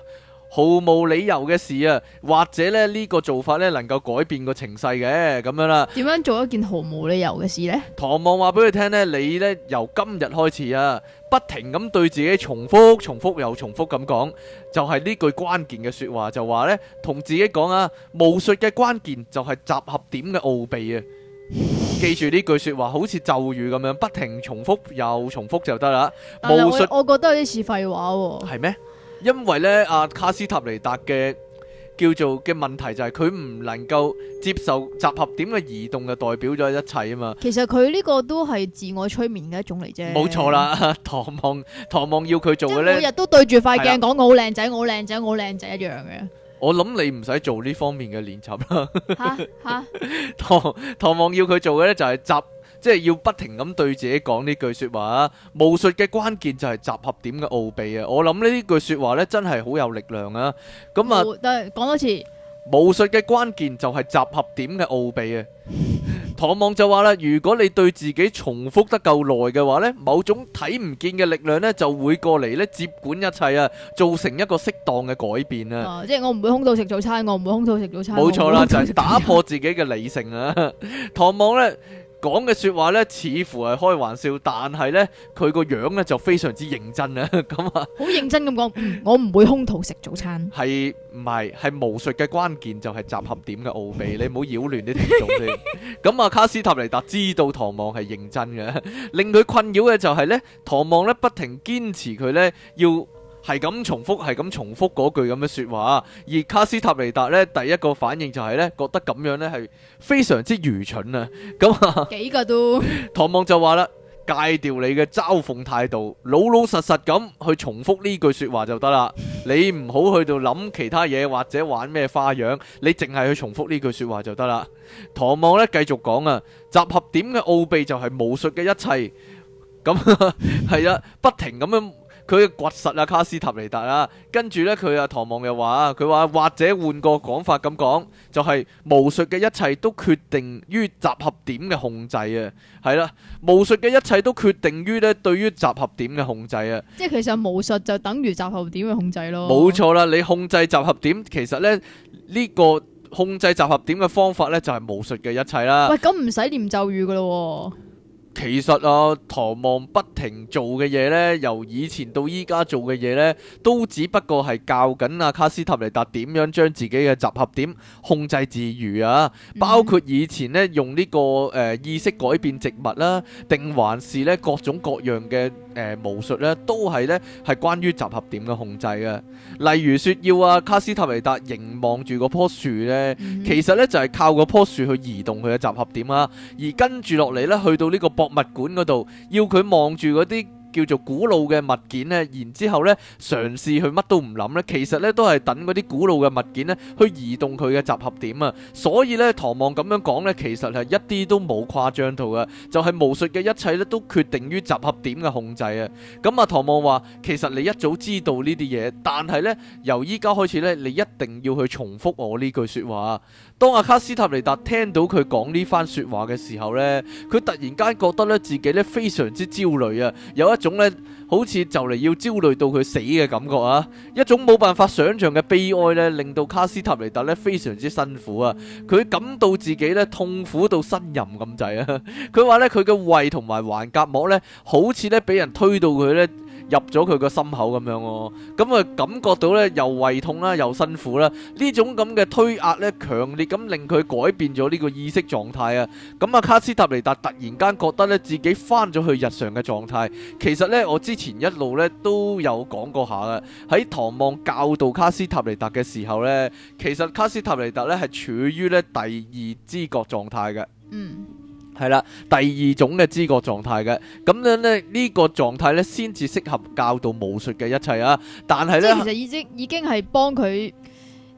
毫無理由嘅事啊，或者咧呢個做法咧能夠改變個情勢嘅咁樣啦、啊。點樣做一件毫無理由嘅事呢？唐望話俾佢聽呢，你呢由今日開始啊，不停咁對自己重複、重複又重複咁講，就係、是、呢句關鍵嘅說話，就話呢，同自己講啊，巫術嘅關鍵就係集合點嘅奧秘啊， 記住呢句說話，好似咒語咁樣，不停重複又重複就得啦。巫術，我覺得有啲似廢話喎、啊。係咩？因為咧，阿卡斯塔尼達嘅叫做嘅問題就係佢唔能夠接受集合點嘅移動嘅代表咗一切啊嘛。其實佢呢個都係自我催眠嘅一種嚟啫。冇錯啦，唐望唐望要佢做嘅咧，每日都對住塊鏡講我好靚仔，我好靚仔，我好靚仔一樣嘅。我諗你唔使做呢方面嘅練習啦。吓吓，唐唐望要佢做嘅咧就係集。即係要不停咁對自己講呢句說話啊！巫術嘅關鍵就係集合點嘅奧秘啊！我諗呢呢句說話咧，真係好有力量啊！咁啊，講多次，巫術嘅關鍵就係集合點嘅奧秘啊！唐望就話啦，如果你對自己重複得夠耐嘅話咧，某種睇唔見嘅力量咧就會過嚟咧接管一切啊，造成一個適當嘅改變啊！即係我唔會空肚食早餐，我唔會空肚食早餐，冇錯啦，就係打破自己嘅理性啊！唐望咧。講嘅說話咧，似乎係開玩笑，但係咧，佢個樣咧就非常之認真啊！咁啊，好認真咁講，我唔會空肚食早餐。係唔係？係巫術嘅關鍵就係集合點嘅奧秘，你唔好擾亂啲聽眾？先。咁啊，卡斯塔尼達知道唐望係認真嘅，令佢困擾嘅就係咧，唐望咧不停堅持佢咧要。係咁重複，係咁重複嗰句咁嘅說話。而卡斯塔尼達呢，第一個反應就係咧，覺得咁樣咧係非常之愚蠢啊！咁、啊，幾個都唐望就話啦，戒掉你嘅嘲諷態度，老老實實咁去重複呢句說話就得啦。你唔好去到諗其他嘢或者玩咩花樣，你淨係去重複呢句說話就得啦。唐望呢，繼續講啊，集合點嘅奧秘就係武術嘅一切。咁係啊，啊，不停咁樣。佢嘅掘實阿卡斯塔尼達啦，跟住呢，佢阿唐望又話佢話，或者換個講法咁講，就係巫術嘅一切都決定於集合點嘅控制啊，係啦，巫術嘅一切都決定於咧對於集合點嘅控制啊，即係其實巫術就等於集合點嘅控制咯，冇錯啦，你控制集合點，其實咧呢個控制集合點嘅方法呢，就係巫術嘅一切啦，喂，咁唔使念咒語噶咯。其實啊，唐望不停做嘅嘢咧，由以前到依家做嘅嘢咧，都只不過係教緊啊卡斯塔尼達點樣將自己嘅集合點控制自如啊！嗯、包括以前咧用呢、這個誒、呃、意識改變植物啦、啊，定還是咧各種各樣嘅。誒巫、呃、術咧，都係咧係關於集合點嘅控制嘅。例如說，要啊卡斯塔維達凝望住嗰棵樹咧，其實咧就係、是、靠嗰棵樹去移動佢嘅集合點啦。而跟住落嚟咧，去到呢個博物館嗰度，要佢望住嗰啲。叫做古老嘅物件咧，然之後咧嘗試去乜都唔諗咧，其實咧都係等嗰啲古老嘅物件咧去移動佢嘅集合點啊！所以咧，唐望咁樣講咧，其實係一啲都冇誇張到嘅，就係巫術嘅一切咧都決定於集合點嘅控制啊！咁啊，唐望話：其實你一早知道呢啲嘢，但係咧，由依家開始咧，你一定要去重複我呢句說話啊！當阿卡斯塔尼達聽到佢講呢番說話嘅時候咧，佢突然間覺得咧自己咧非常之焦慮啊！有一種咧好似就嚟要焦慮到佢死嘅感覺啊！一種冇辦法想象嘅悲哀咧，令到卡斯塔尼達咧非常之辛苦啊！佢感到自己咧痛苦到呻吟咁滯啊！佢話咧佢嘅胃同埋橫隔膜咧，好似咧俾人推到佢咧。入咗佢個心口咁樣咯，咁啊感覺到呢又胃痛啦，又辛苦啦，呢種咁嘅推壓呢強烈咁令佢改變咗呢個意識狀態啊！咁啊卡斯塔尼達突然間覺得呢自己返咗去日常嘅狀態。其實呢，我之前一路呢都有講過下嘅，喺唐望教導卡斯塔尼達嘅時候呢，其實卡斯塔尼達呢係處於呢第二知覺狀態嘅。嗯。係啦，第二種嘅知覺狀態嘅，咁樣咧呢個狀態咧先至適合教導巫術嘅一切啊！但係咧，即係其實已經已經係幫佢。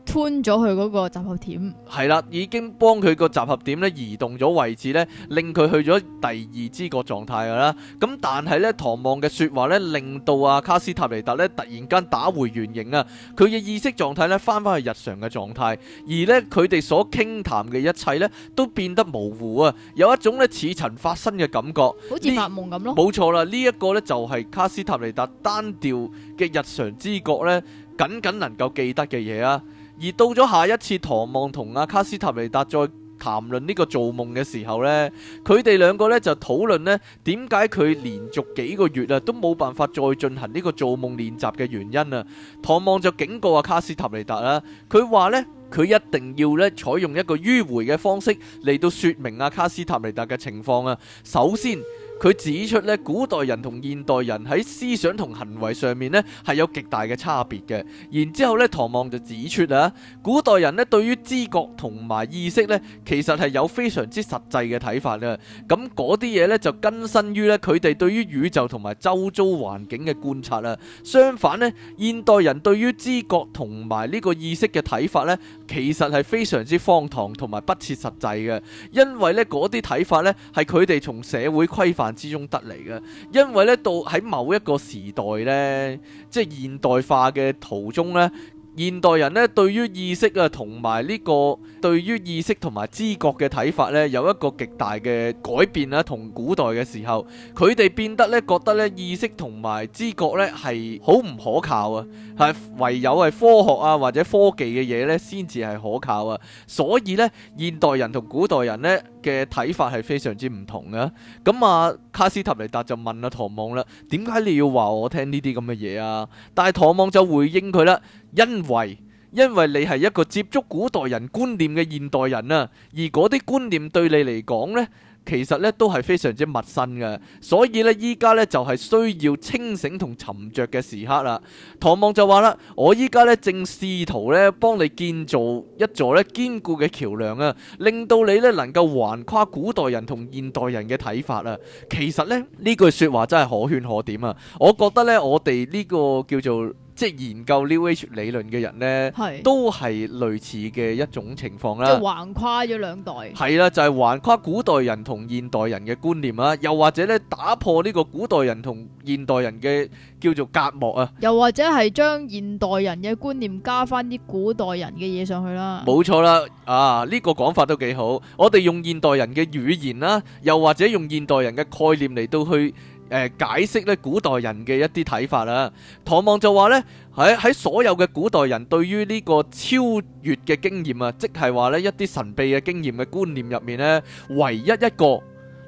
搬咗佢嗰個集合點，係啦，已經幫佢個集合點咧移動咗位置咧，令佢去咗第二知覺狀態噶啦。咁但係咧，唐望嘅説話咧，令到阿卡斯塔尼達咧突然間打回原形啊！佢嘅意識狀態咧返返去日常嘅狀態，而呢，佢哋所傾談嘅一切咧都變得模糊啊，有一種咧似曾發生嘅感覺，好似發夢咁咯。冇錯啦，呢、這、一個咧就係卡斯塔尼達單調嘅日常知覺咧，僅僅能夠記得嘅嘢啊。而到咗下一次唐望同阿卡斯塔尼達再談論呢個做夢嘅時候呢，佢哋兩個呢就討論呢，點解佢連續幾個月啊都冇辦法再進行呢個做夢練習嘅原因啊。唐望就警告阿卡斯塔尼達啦，佢話呢，佢一定要咧採用一個迂回嘅方式嚟到說明阿卡斯塔尼達嘅情況啊。首先。佢指出咧，古代人同現代人喺思想同行為上面咧，係有極大嘅差別嘅。然之後咧，唐望就指出啊，古代人咧對於知覺同埋意識咧，其實係有非常之實際嘅睇法嘅。咁啲嘢咧就根深於咧佢哋對於宇宙同埋周遭環境嘅觀察啦。相反咧，現代人對於知覺同埋呢個意識嘅睇法咧，其實係非常之荒唐同埋不切實際嘅，因為咧啲睇法咧係佢哋從社會規範。之中得嚟嘅，因為咧到喺某一個時代咧，即係現代化嘅途中咧，現代人咧對於意識啊，同埋呢個對於意識同埋知覺嘅睇法咧，有一個極大嘅改變啦，同古代嘅時候，佢哋變得咧覺得咧意識同埋知覺咧係好唔可靠啊，係唯有係科學啊或者科技嘅嘢咧先至係可靠啊，所以咧現代人同古代人咧。嘅睇法係非常之唔同嘅，咁啊卡斯塔尼達就問阿唐望啦，點解你要話我聽呢啲咁嘅嘢啊？但係唐望就回應佢啦，因為因為你係一個接觸古代人觀念嘅現代人啊，而嗰啲觀念對你嚟講呢。其實咧都係非常之陌生嘅，所以咧依家咧就係需要清醒同沉着嘅時刻啦。唐望就話啦：我依家咧正試圖咧幫你建造一座咧堅固嘅橋梁啊，令到你咧能夠橫跨古代人同現代人嘅睇法啊。其實咧呢句説話真係可圈可點啊！我覺得咧我哋呢個叫做。即係研究 New Age 理論嘅人呢，是都係類似嘅一種情況啦。即係橫跨咗兩代。係啦，就係、是、橫跨古代人同現代人嘅觀念啦，又或者咧打破呢個古代人同現代人嘅叫做隔膜啊。又或者係將現代人嘅、啊、觀念加翻啲古代人嘅嘢上去啦。冇錯啦，啊呢、呢個講法都幾好。我哋用現代人嘅語言啦、啊，又或者用現代人嘅概念嚟到去。誒，解釋咧古代人嘅一啲睇法啦，唐望就話呢喺喺所有嘅古代人對於呢個超越嘅經驗啊，即係話呢一啲神秘嘅經驗嘅觀念入面呢，唯一一個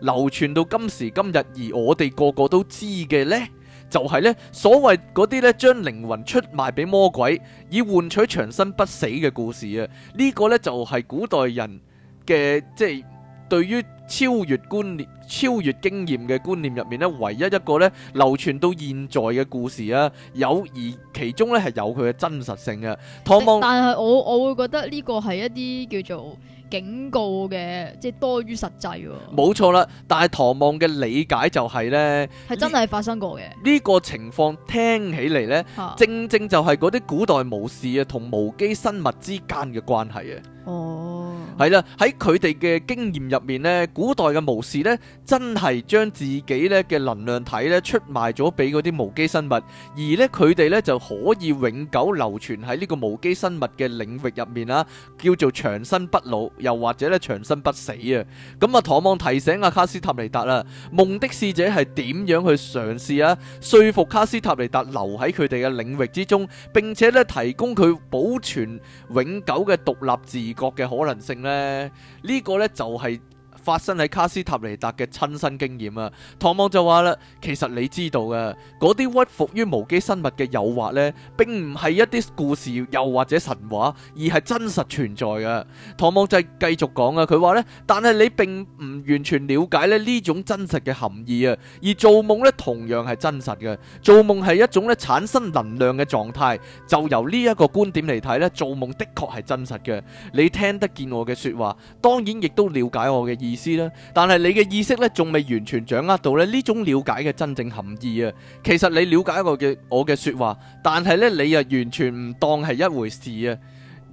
流傳到今時今日而我哋個個都知嘅呢，就係呢所謂嗰啲呢，將靈魂出賣俾魔鬼以換取長生不死嘅故事啊，呢個呢，就係古代人嘅即係對於。超越觀念、超越經驗嘅觀念入面咧，唯一一個咧流傳到現在嘅故事啊，有而其中咧係有佢嘅真實性嘅。唐望，但係我我會覺得呢個係一啲叫做警告嘅，即係多於實際。冇錯啦，但係唐望嘅理解就係呢，係真係發生過嘅呢、這個情況，聽起嚟呢、啊、正正就係嗰啲古代巫師啊同無機生物之間嘅關係啊。哦。係啦，喺佢哋嘅經驗入面咧，古代嘅巫師咧，真係將自己咧嘅能量體咧出賣咗俾嗰啲無機生物，而咧佢哋咧就可以永久流傳喺呢個無機生物嘅領域入面啦，叫做長生不老，又或者咧長生不死啊！咁啊，唐望提醒阿卡斯塔尼達啦，夢的使者係點樣去嘗試啊，説服卡斯塔尼達留喺佢哋嘅領域之中，並且咧提供佢保存永久嘅獨立自覺嘅可能性咧。咧、呃這個、呢個咧就係、是。發生喺卡斯塔尼達嘅親身經驗啊，唐望就話啦，其實你知道嘅嗰啲屈服於無機生物嘅誘惑呢，並唔係一啲故事又或者神話，而係真實存在嘅。唐望就係繼續講啊，佢話呢，但係你並唔完全了解咧，呢種真實嘅含義啊，而做夢呢，同樣係真實嘅。做夢係一種咧產生能量嘅狀態，就由呢一個觀點嚟睇呢，做夢的確係真實嘅。你聽得見我嘅說話，當然亦都了解我嘅意義。意思啦，但係你嘅意識咧，仲未完全掌握到咧呢種了解嘅真正含義啊！其實你了解一個嘅我嘅說話，但係咧你又完全唔當係一回事啊！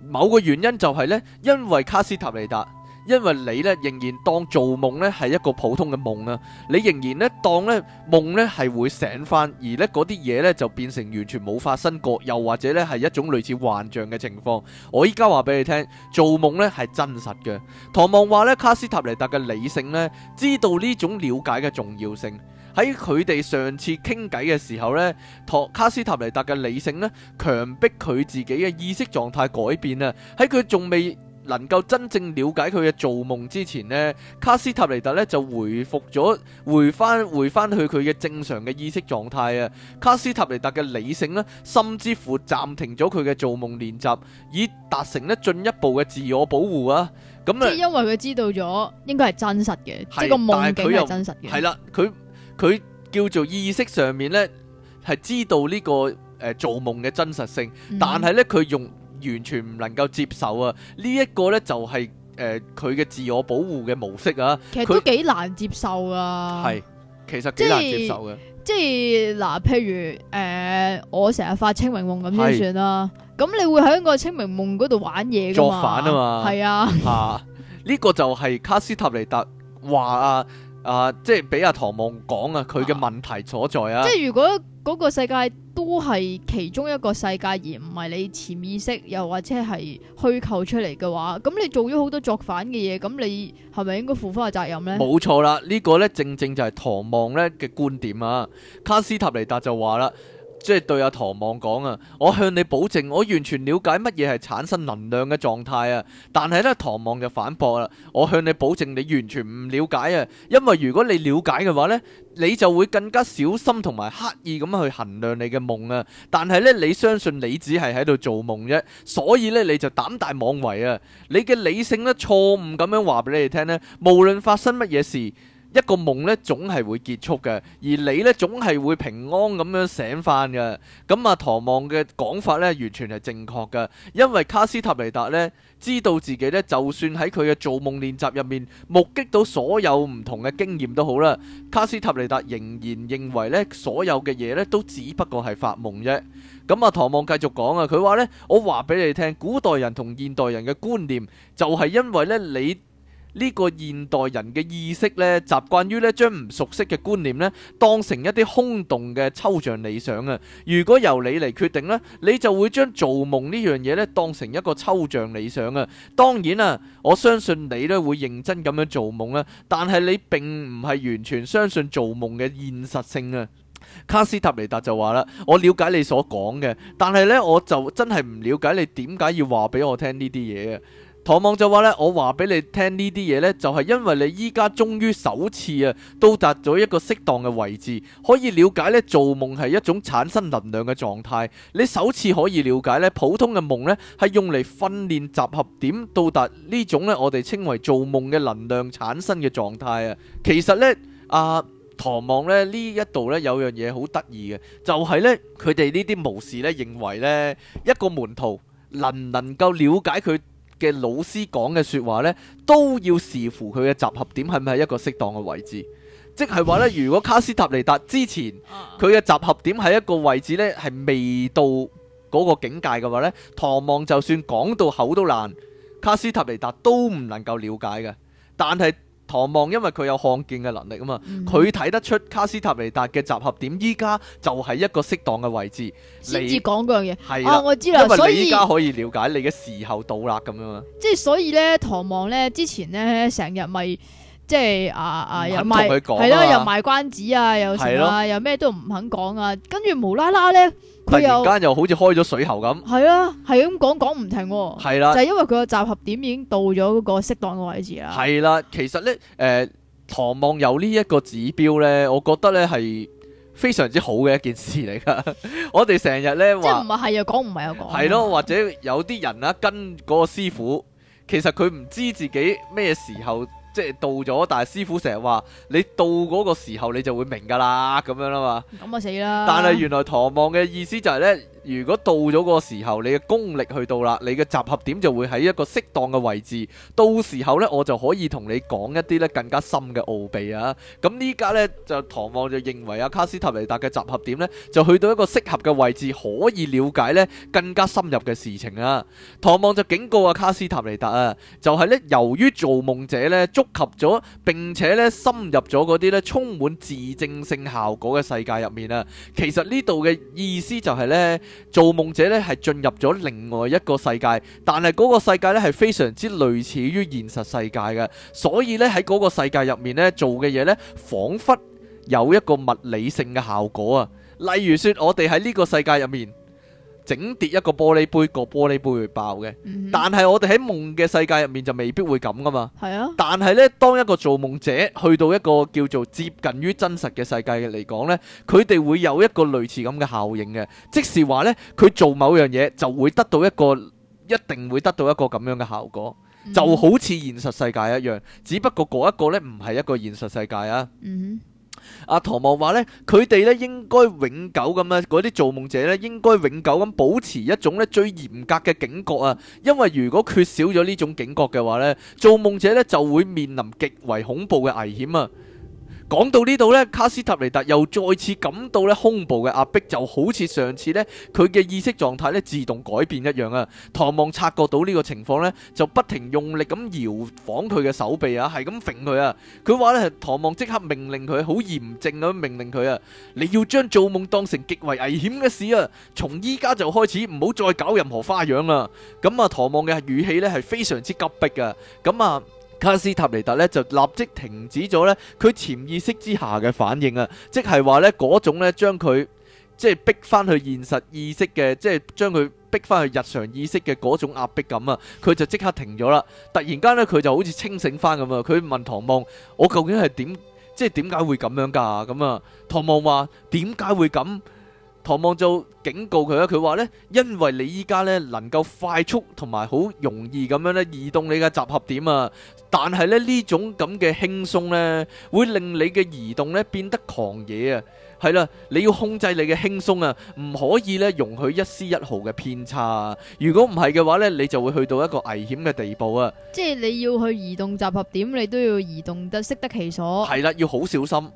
某個原因就係咧，因為卡斯塔尼達。因為你咧仍然當做夢咧係一個普通嘅夢啦，你仍然咧當咧夢咧係會醒返，而咧嗰啲嘢咧就變成完全冇發生過，又或者咧係一種類似幻象嘅情況。我依家話俾你聽，做夢咧係真實嘅。唐望話咧，卡斯塔尼達嘅理性咧知道呢種了解嘅重要性。喺佢哋上次傾偈嘅時候咧，托卡斯塔尼達嘅理性咧強迫佢自己嘅意識狀態改變啊，喺佢仲未。能夠真正了解佢嘅做夢之前呢，卡斯塔尼達咧就回復咗，回翻回翻去佢嘅正常嘅意識狀態啊！卡斯塔尼達嘅理性呢，甚至乎暫停咗佢嘅做夢練習，以達成呢進一步嘅自我保護啊！咁啊，因為佢知道咗，應該係真實嘅，嗯、即係個夢境係真實嘅。係啦，佢佢叫做意識上面呢，係知道呢個誒做夢嘅真實性，但係呢，佢用。嗯完全唔能夠接受啊！呢、這、一個咧就係誒佢嘅自我保護嘅模式啊，其實都幾難接受啊。係他，其實幾難接受嘅、就是。即係嗱，譬如誒、呃、我成日發清明夢咁先算啦。咁是你會喺個清明夢嗰度玩嘢噶作反啊嘛，係啊。吓、這、呢個就係卡斯塔尼達話啊，阿即係俾阿唐望講啊，佢嘅、啊、問題所在啊。啊即係如果。嗰個世界都係其中一個世界，而唔係你潛意識又或者係虛構出嚟嘅話，咁你做咗好多作反嘅嘢，咁你係咪應該負翻個責任呢？冇錯啦，呢、這個咧正正就係唐望咧嘅觀點啊。卡斯塔尼達就話啦。即係對阿唐望講啊，我向你保證，我完全了解乜嘢係產生能量嘅狀態啊。但係咧，唐望就反駁啦，我向你保證，你完全唔了解啊。因為如果你了解嘅話呢，你就會更加小心同埋刻意咁去衡量你嘅夢啊。但係呢，你相信你只係喺度做夢啫，所以呢，你就膽大妄為啊。你嘅理性呢，錯誤咁樣話俾你哋聽呢，無論發生乜嘢事，一個夢咧，總係會結束嘅，而你咧，總係會平安咁樣醒返嘅。咁啊，唐望嘅講法咧，完全係正確嘅，因為卡斯塔尼達咧，知道自己咧，就算喺佢嘅做夢練習入面目擊到所有唔同嘅經驗都好啦，卡斯塔尼達仍然認為咧，所有嘅嘢咧都只不過係發夢啫。咁啊，唐望繼續講啊，佢話咧，我話俾你聽，古代人同現代人嘅觀念就係因為咧你。呢個現代人嘅意識咧，習慣於咧將唔熟悉嘅觀念咧，當成一啲空洞嘅抽象理想啊！如果由你嚟決定咧，你就會將做夢呢樣嘢咧，當成一個抽象理想啊！當然啦、啊，我相信你咧會認真咁樣做夢啊，但係你並唔係完全相信做夢嘅現實性啊！卡斯塔尼達就話啦：我了解你所講嘅，但係呢，我就真係唔了解你點解要話俾我聽呢啲嘢啊！唐望就話咧，我話俾你聽呢啲嘢呢，就係因為你依家終於首次啊到達咗一個適當嘅位置，可以了解呢，做夢係一種產生能量嘅狀態。你首次可以了解呢，普通嘅夢呢，係用嚟訓練集合點到達呢種呢，我哋稱為做夢嘅能量產生嘅狀態啊。其實呢，阿、啊、唐望呢呢一度呢，有樣嘢好得意嘅，就係呢，佢哋呢啲巫師呢，認為呢一個門徒能唔能夠了解佢。嘅老師講嘅説話呢，都要視乎佢嘅集合點係咪一個適當嘅位置，即係話呢，如果卡斯達尼達之前佢嘅集合點喺一個位置呢，係未到嗰個境界嘅話呢，唐望就算講到口都爛，卡斯達尼達都唔能夠了解嘅，但係。唐望因為佢有看見嘅能力啊嘛，佢睇、嗯、哼得出卡斯塔尼達嘅集合點依家就係一個適當嘅位置，直接講嗰樣嘢。係了啊，我知啦，所以依家可以了解你嘅時候到啦咁樣啊。即係所以咧，唐望咧之前咧成日咪。即係啊啊又賣，又同係咯，又賣關子啊，又啊，的又什麼又咩都唔肯講啊，跟住無啦啦咧，佢又突然間又好似開咗水喉咁，係啊，係咁講講唔停，係啦，就因為佢個集合點已經到咗嗰個適當嘅位置啦。係啦，其實咧，誒、呃，唐望有呢一個指標咧，我覺得咧係非常之好嘅一件事嚟噶。 我哋成日咧話，即唔係係又講唔係又講，係咯，或者有啲人啊跟嗰個師傅，其實佢唔知自己咩時候。即係到咗，但係師傅成日話，你到嗰個時候你就會明噶啦，咁樣啦嘛。咁咪、嗯、死啦！但係原來唐望嘅意思就係、是、咧。如果到咗個時候，你嘅功力去到啦，你嘅集合點就會喺一個適當嘅位置。到時候呢，我就可以同你講一啲呢更加深嘅奧秘啊。咁呢家呢，就唐望就認為啊，卡斯塔尼達嘅集合點呢，就去到一個適合嘅位置，可以了解呢更加深入嘅事情啊。唐望就警告啊，卡斯塔尼達啊，就係呢，由於做夢者呢，觸及咗並且呢，深入咗嗰啲呢充滿自證性效果嘅世界入面啊，其實呢度嘅意思就係呢。做夢者咧係進入咗另外一個世界，但係嗰個世界咧係非常之類似於現實世界嘅，所以咧喺嗰個世界入面咧做嘅嘢咧，仿佛有一個物理性嘅效果啊。例如說，我哋喺呢個世界入面。整跌一個玻璃杯，個玻璃杯會爆嘅。嗯、哼但係我哋喺夢嘅世界入面就未必會咁噶嘛。嗯、哼但係呢，當一個做夢者去到一個叫做接近於真實嘅世界嚟講呢，佢哋會有一個類似咁嘅效應嘅。即是話呢，佢做某樣嘢就會得到一個，一定會得到一個咁樣嘅效果，嗯、哼就好似現實世界一樣，只不過嗰一個呢，唔係一個現實世界啊。嗯阿、啊、唐望話呢，佢哋咧應該永久咁啊，嗰啲做夢者咧應該永久咁保持一種咧最嚴格嘅警覺啊，因為如果缺少咗呢種警覺嘅話呢，做夢者咧就會面臨極為恐怖嘅危險啊。講到呢度呢，卡斯塔尼達又再次感到呢胸部嘅壓迫，就好似上次呢佢嘅意識狀態咧自動改變一樣啊！唐望察覺到呢個情況呢，就不停用力咁搖晃佢嘅手臂啊，係咁揈佢啊！佢話咧，唐望即刻命令佢，好嚴正咁命令佢啊！你要將做夢當成極為危險嘅事啊！從依家就開始，唔好再搞任何花樣啦！咁啊，唐望嘅語氣呢，係非常之急迫嘅，咁啊。卡斯塔尼達咧就立即停止咗咧，佢潛意識之下嘅反應啊，即係話咧嗰種咧將佢即係逼翻去現實意識嘅，即係將佢逼翻去日常意識嘅嗰種壓迫感啊，佢就即刻停咗啦。突然間咧，佢就好似清醒翻咁啊！佢問唐望：我究竟係點？即係點解會咁樣噶？咁啊，唐望話：點解會咁？唐望就警告佢啦，佢話咧，因為你依家咧能夠快速同埋好容易咁樣咧移動你嘅集合點啊，但係咧呢種咁嘅輕鬆咧會令你嘅移動咧變得狂野啊，係啦，你要控制你嘅輕鬆啊，唔可以咧容許一絲一毫嘅偏差啊，如果唔係嘅話咧，你就會去到一個危險嘅地步啊。即係你要去移動集合點，你都要移動得適得其所。係啦，要好小心，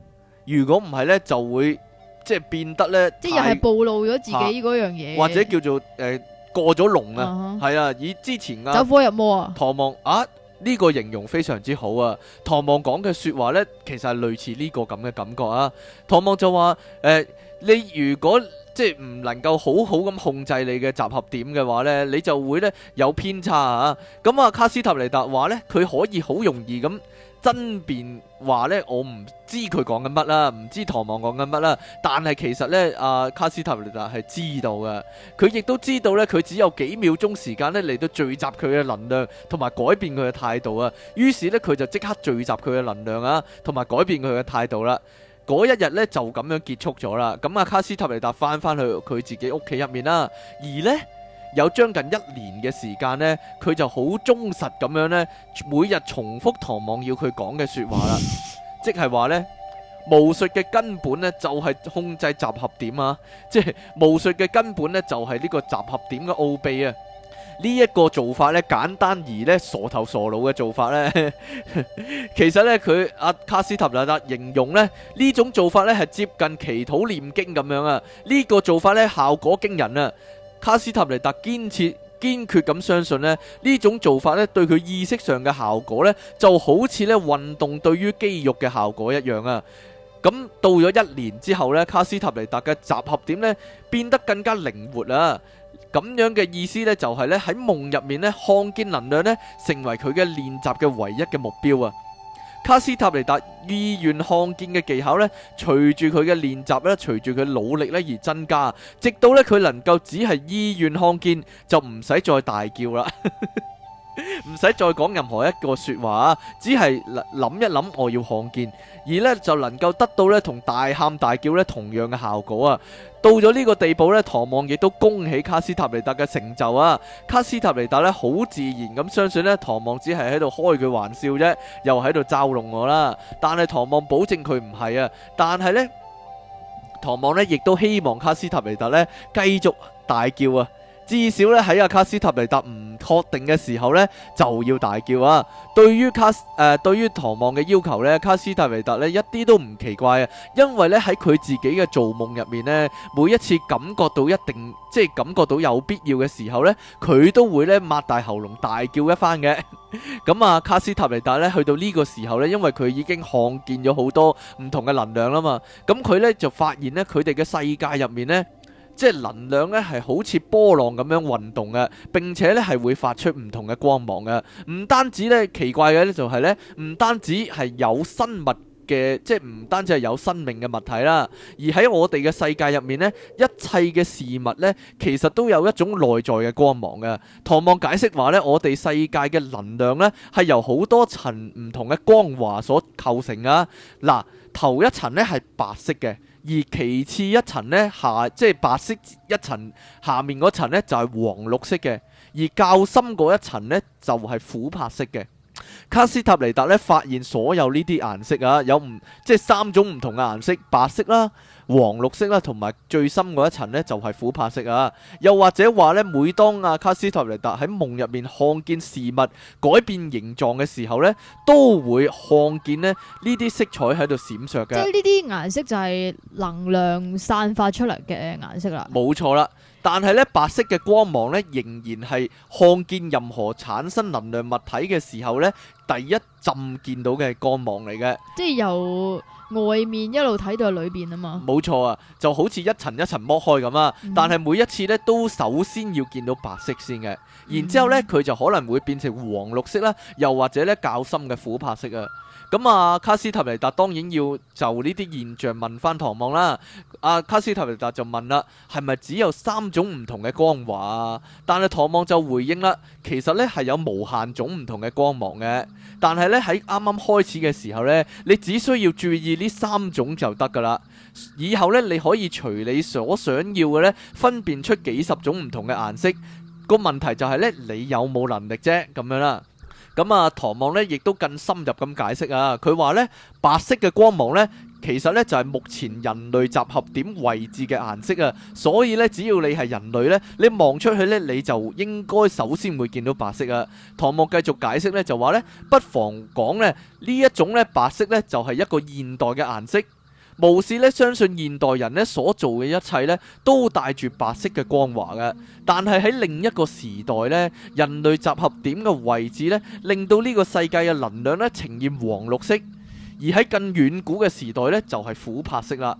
如果唔係咧就會。即係變得呢，即係係暴露咗自己嗰樣嘢，或者叫做誒、呃、過咗龍啊，係、uh huh. 啊，以之前啊，走火入魔啊，唐望啊呢、這個形容非常之好啊，唐望講嘅說話呢，其實係類似呢個咁嘅感覺啊。唐望就話誒、呃，你如果即係唔能夠好好咁控制你嘅集合點嘅話呢，你就會呢有偏差啊。咁啊，卡斯塔尼達話呢，佢可以好容易咁。爭辯話咧，我唔知佢講緊乜啦，唔知唐望講緊乜啦。但係其實咧，阿、啊、卡斯塔尼達係知道嘅。佢亦都知道咧，佢只有幾秒鐘時間咧嚟到聚集佢嘅能量同埋改變佢嘅態度啊。於是咧，佢就即刻聚集佢嘅能量啊，同埋改變佢嘅態度啦。嗰一日咧就咁樣結束咗啦。咁阿卡斯塔尼達返返去佢自己屋企入面啦，而呢，有將近一年嘅時間呢，佢就好忠實咁樣呢，每日重複唐望要佢講嘅説話啦，即係話呢，巫術嘅根本呢，就係控制集合點啊，即係，巫術嘅根本呢，就係呢個集合點嘅奧秘啊，呢一個做法呢，簡單而呢傻頭傻腦嘅做法呢。 其實呢，佢阿卡斯塔納達形容呢，呢種做法呢，係接近祈禱念經咁樣啊，呢個做法呢，效果驚人啊！卡斯塔尼達堅持堅決咁相信咧，呢種做法咧，對佢意識上嘅效果咧，就好似咧，運動對於肌肉嘅效果一樣啊！咁到咗一年之後咧，卡斯塔尼達嘅集合點咧，變得更加靈活啊！咁樣嘅意思咧，就係咧，喺夢入面咧，看見能量咧，成為佢嘅練習嘅唯一嘅目標啊！卡斯塔尼達意願看見嘅技巧咧，隨住佢嘅練習咧，隨住佢努力咧而增加，直到咧佢能夠只係意願看見就唔使再大叫啦。 唔使 再講任何一個說話啊，只係諗一諗我要看見，而呢就能夠得到呢同大喊大叫呢同樣嘅效果啊。到咗呢個地步呢，唐望亦都恭喜卡斯塔尼達嘅成就啊。卡斯塔尼達呢，好自然咁相信呢，唐望只係喺度開佢玩笑啫，又喺度嘲弄我啦。但係唐望保證佢唔係啊。但係呢，唐望呢亦都希望卡斯塔尼達呢，繼續大叫啊。至少咧喺阿卡斯塔尼達唔確定嘅時候呢，就要大叫啊！對於卡、誒、呃，對於唐望嘅要求呢，卡斯塔尼達呢一啲都唔奇怪啊！因為呢喺佢自己嘅做夢入面呢，每一次感覺到一定即係感覺到有必要嘅時候呢，佢都會呢擘大喉嚨大叫一番嘅。咁 啊、嗯，卡斯塔尼達呢去到呢個時候呢，因為佢已經看見咗好多唔同嘅能量啦嘛，咁佢呢就發現呢，佢哋嘅世界入面呢。即係能量咧，係好似波浪咁樣運動嘅，並且咧係會發出唔同嘅光芒嘅。唔單止咧奇怪嘅咧，就係咧唔單止係有生物嘅，即係唔單止係有生命嘅物體啦。而喺我哋嘅世界入面咧，一切嘅事物咧，其實都有一種內在嘅光芒嘅。唐望解釋話咧，我哋世界嘅能量咧，係由好多層唔同嘅光華所構成㗎。嗱，頭一層咧係白色嘅。而其次一層呢，下即係白色一層下面嗰層呢，就係、是、黃綠色嘅，而較深嗰一層呢，就係、是、琥珀色嘅。卡斯塔尼達呢，發現所有呢啲顏色啊，有唔即係三種唔同嘅顏色，白色啦。黃綠色啦，同埋最深嗰一層咧就係琥珀色啊！又或者話呢，每當阿卡斯托尼達喺夢入面看見事物改變形狀嘅時候呢，都會看見咧呢啲色彩喺度閃爍嘅。即係呢啲顏色就係能量散發出嚟嘅顏色啦。冇錯啦。但係咧，白色嘅光芒咧，仍然係看見任何產生能量物體嘅時候咧，第一浸見到嘅光芒嚟嘅。即係由外面一路睇到裏邊啊嘛。冇錯啊，就好似一層一層剝開咁啊。嗯、但係每一次咧，都首先要見到白色先嘅。然之後咧，佢、嗯、就可能會變成黃綠色啦，啊，又或者咧較深嘅琥珀色啊。咁啊，卡斯塔尼達當然要就呢啲現象問翻唐望啦。阿、啊、卡斯塔尼達就問啦，係咪只有三種唔同嘅光華啊？但係唐望就回應啦，其實呢係有無限種唔同嘅光芒嘅。但係呢，喺啱啱開始嘅時候呢，你只需要注意呢三種就得㗎啦。以後呢，你可以隨你所想要嘅呢，分辨出幾十種唔同嘅顏色。個問題就係呢，你有冇能力啫？咁樣啦。咁啊，唐望咧亦都更深入咁解釋啊，佢話咧，白色嘅光芒咧，其實咧就係目前人類集合點位置嘅顏色啊，所以咧只要你係人類咧，你望出去咧你就應該首先會見到白色啊。唐望繼續解釋咧就話咧，不妨講咧，呢一種咧白色咧就係一個現代嘅顏色。無是咧，相信現代人咧所做嘅一切咧，都帶住白色嘅光華嘅。但係喺另一個時代咧，人類集合點嘅位置咧，令到呢個世界嘅能量咧呈現黃綠色，而喺更遠古嘅時代咧，就係、是、琥珀色啦。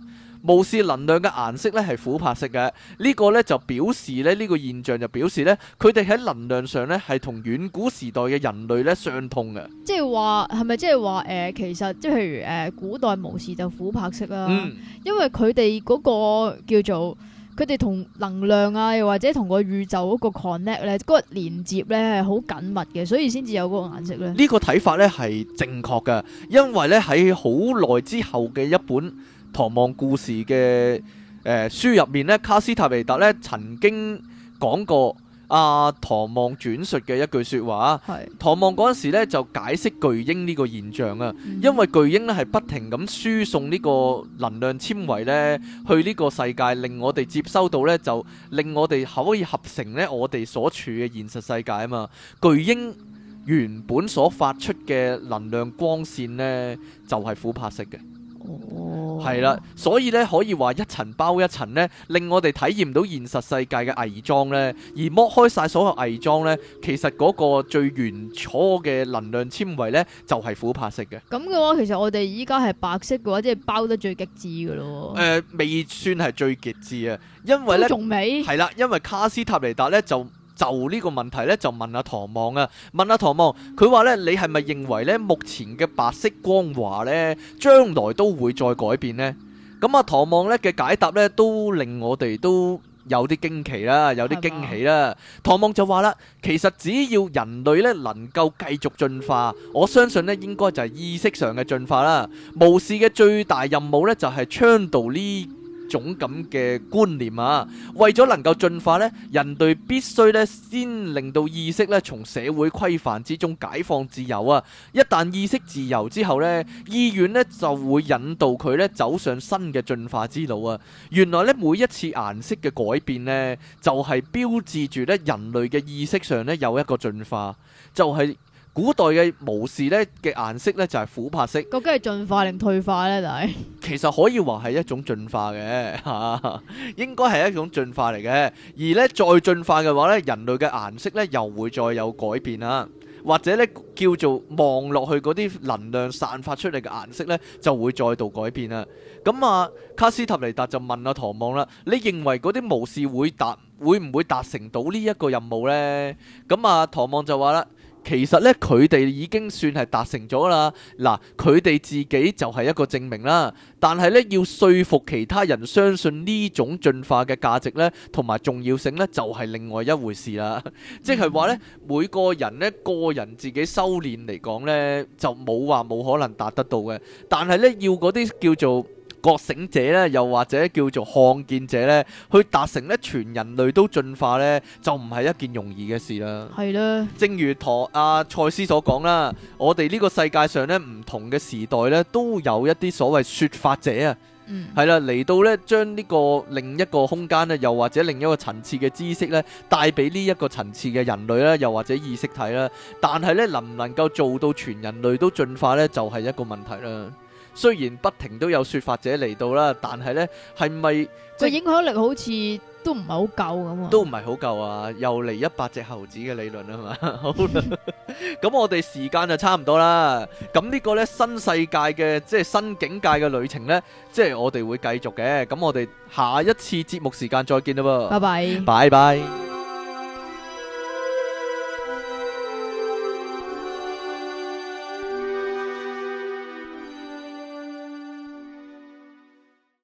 巫師能量嘅顏色咧係琥珀色嘅，呢、這個咧就表示咧呢、這個現象就表示咧佢哋喺能量上咧係同遠古時代嘅人類咧相通嘅。即係話係咪即係話誒，其實即係譬如誒、呃、古代巫師就琥珀色啦，嗯、因為佢哋嗰個叫做佢哋同能量啊，又或者同個宇宙嗰個 connect 咧，嗰個連接咧係好緊密嘅，所以先至有嗰個顏色咧。呢個睇法咧係正確嘅，因為咧喺好耐之後嘅一本。《唐望故事》嘅、呃、書入面呢，卡斯塔利特呢，曾經講過啊、阿唐望轉述嘅一句說話。係嘅。唐望嗰陣時咧就解釋巨嬰呢個現象啊，嗯、因為巨嬰呢，係不停咁輸送呢個能量纖維呢去呢個世界，令我哋接收到呢，就令我哋可以合成呢我哋所處嘅現實世界啊嘛。巨嬰原本所發出嘅能量光線呢，就係、是、琥珀色嘅。係啦、oh.，所以咧可以話一層包一層咧，令我哋體驗到現實世界嘅偽裝咧，而剝開晒所有偽裝咧，其實嗰個最原初嘅能量纖維咧，就係、是、琥珀色嘅。咁嘅話，其實我哋依家係白色嘅話，即、就、係、是、包得最極致嘅咯。誒、呃，未算係最極致啊，因為咧，仲未，係啦，因為卡斯塔尼達咧就。就呢個問題咧，就問阿唐望啊，問阿唐望，佢話咧，你係咪認為咧，目前嘅白色光華咧，將來都會再改變咧？咁啊，唐望咧嘅解答咧，都令我哋都有啲驚奇啦，有啲驚喜啦。唐望就話啦，其實只要人類咧能夠繼續進化，我相信咧應該就係意識上嘅進化啦。無視嘅最大任務咧，就係倡導呢。種咁嘅觀念啊，為咗能夠進化咧，人類必須咧先令到意識咧從社會規範之中解放自由啊！一旦意識自由之後咧，意願咧就會引導佢咧走上新嘅進化之路啊！原來咧每一次顏色嘅改變咧，就係標誌住咧人類嘅意識上咧有一個進化，就係。古代嘅巫士咧嘅顏色咧就係琥珀色。究竟係進化定退化咧？就係其實可以話係一種進化嘅嚇，應該係一種進化嚟嘅。而咧再進化嘅話咧，人類嘅顏色咧又會再有改變啦，或者咧叫做望落去嗰啲能量散發出嚟嘅顏色咧就會再度改變啦。咁啊，卡斯塔尼達就問阿唐望啦：你認為嗰啲巫士會達會唔會達成到呢一個任務咧？咁啊，唐望就話啦。其實咧，佢哋已經算係達成咗啦。嗱，佢哋自己就係一個證明啦。但係咧，要說服其他人相信呢種進化嘅價值咧，同埋重要性咧，就係另外一回事啦。即係話咧，每個人咧個,個人自己修練嚟講咧，就冇話冇可能達得到嘅。但係咧，要嗰啲叫做。覺醒者咧，又或者叫做看見者咧，去達成咧全人類都進化咧，就唔係一件容易嘅事啦。係啦，正如唐阿蔡司所講啦，我哋呢個世界上咧，唔同嘅時代咧，都有一啲所謂說法者啊。嗯，係啦，嚟到咧，將呢個另一個空間咧，又或者另一個層次嘅知識咧，帶俾呢一個層次嘅人類咧，又或者意識體啦，但係咧，能唔能夠做到全人類都進化咧，就係一個問題啦。雖然不停都有説法者嚟到啦，但係呢，係咪？個影響力好似都唔係好夠咁啊！都唔係好夠啊！又嚟一百隻猴子嘅理論啊嘛！好啦，咁 我哋時間就差唔多啦。咁呢個呢，新世界嘅即係新境界嘅旅程呢，即係我哋會繼續嘅。咁我哋下一次節目時間再見啦噃！拜拜！拜拜！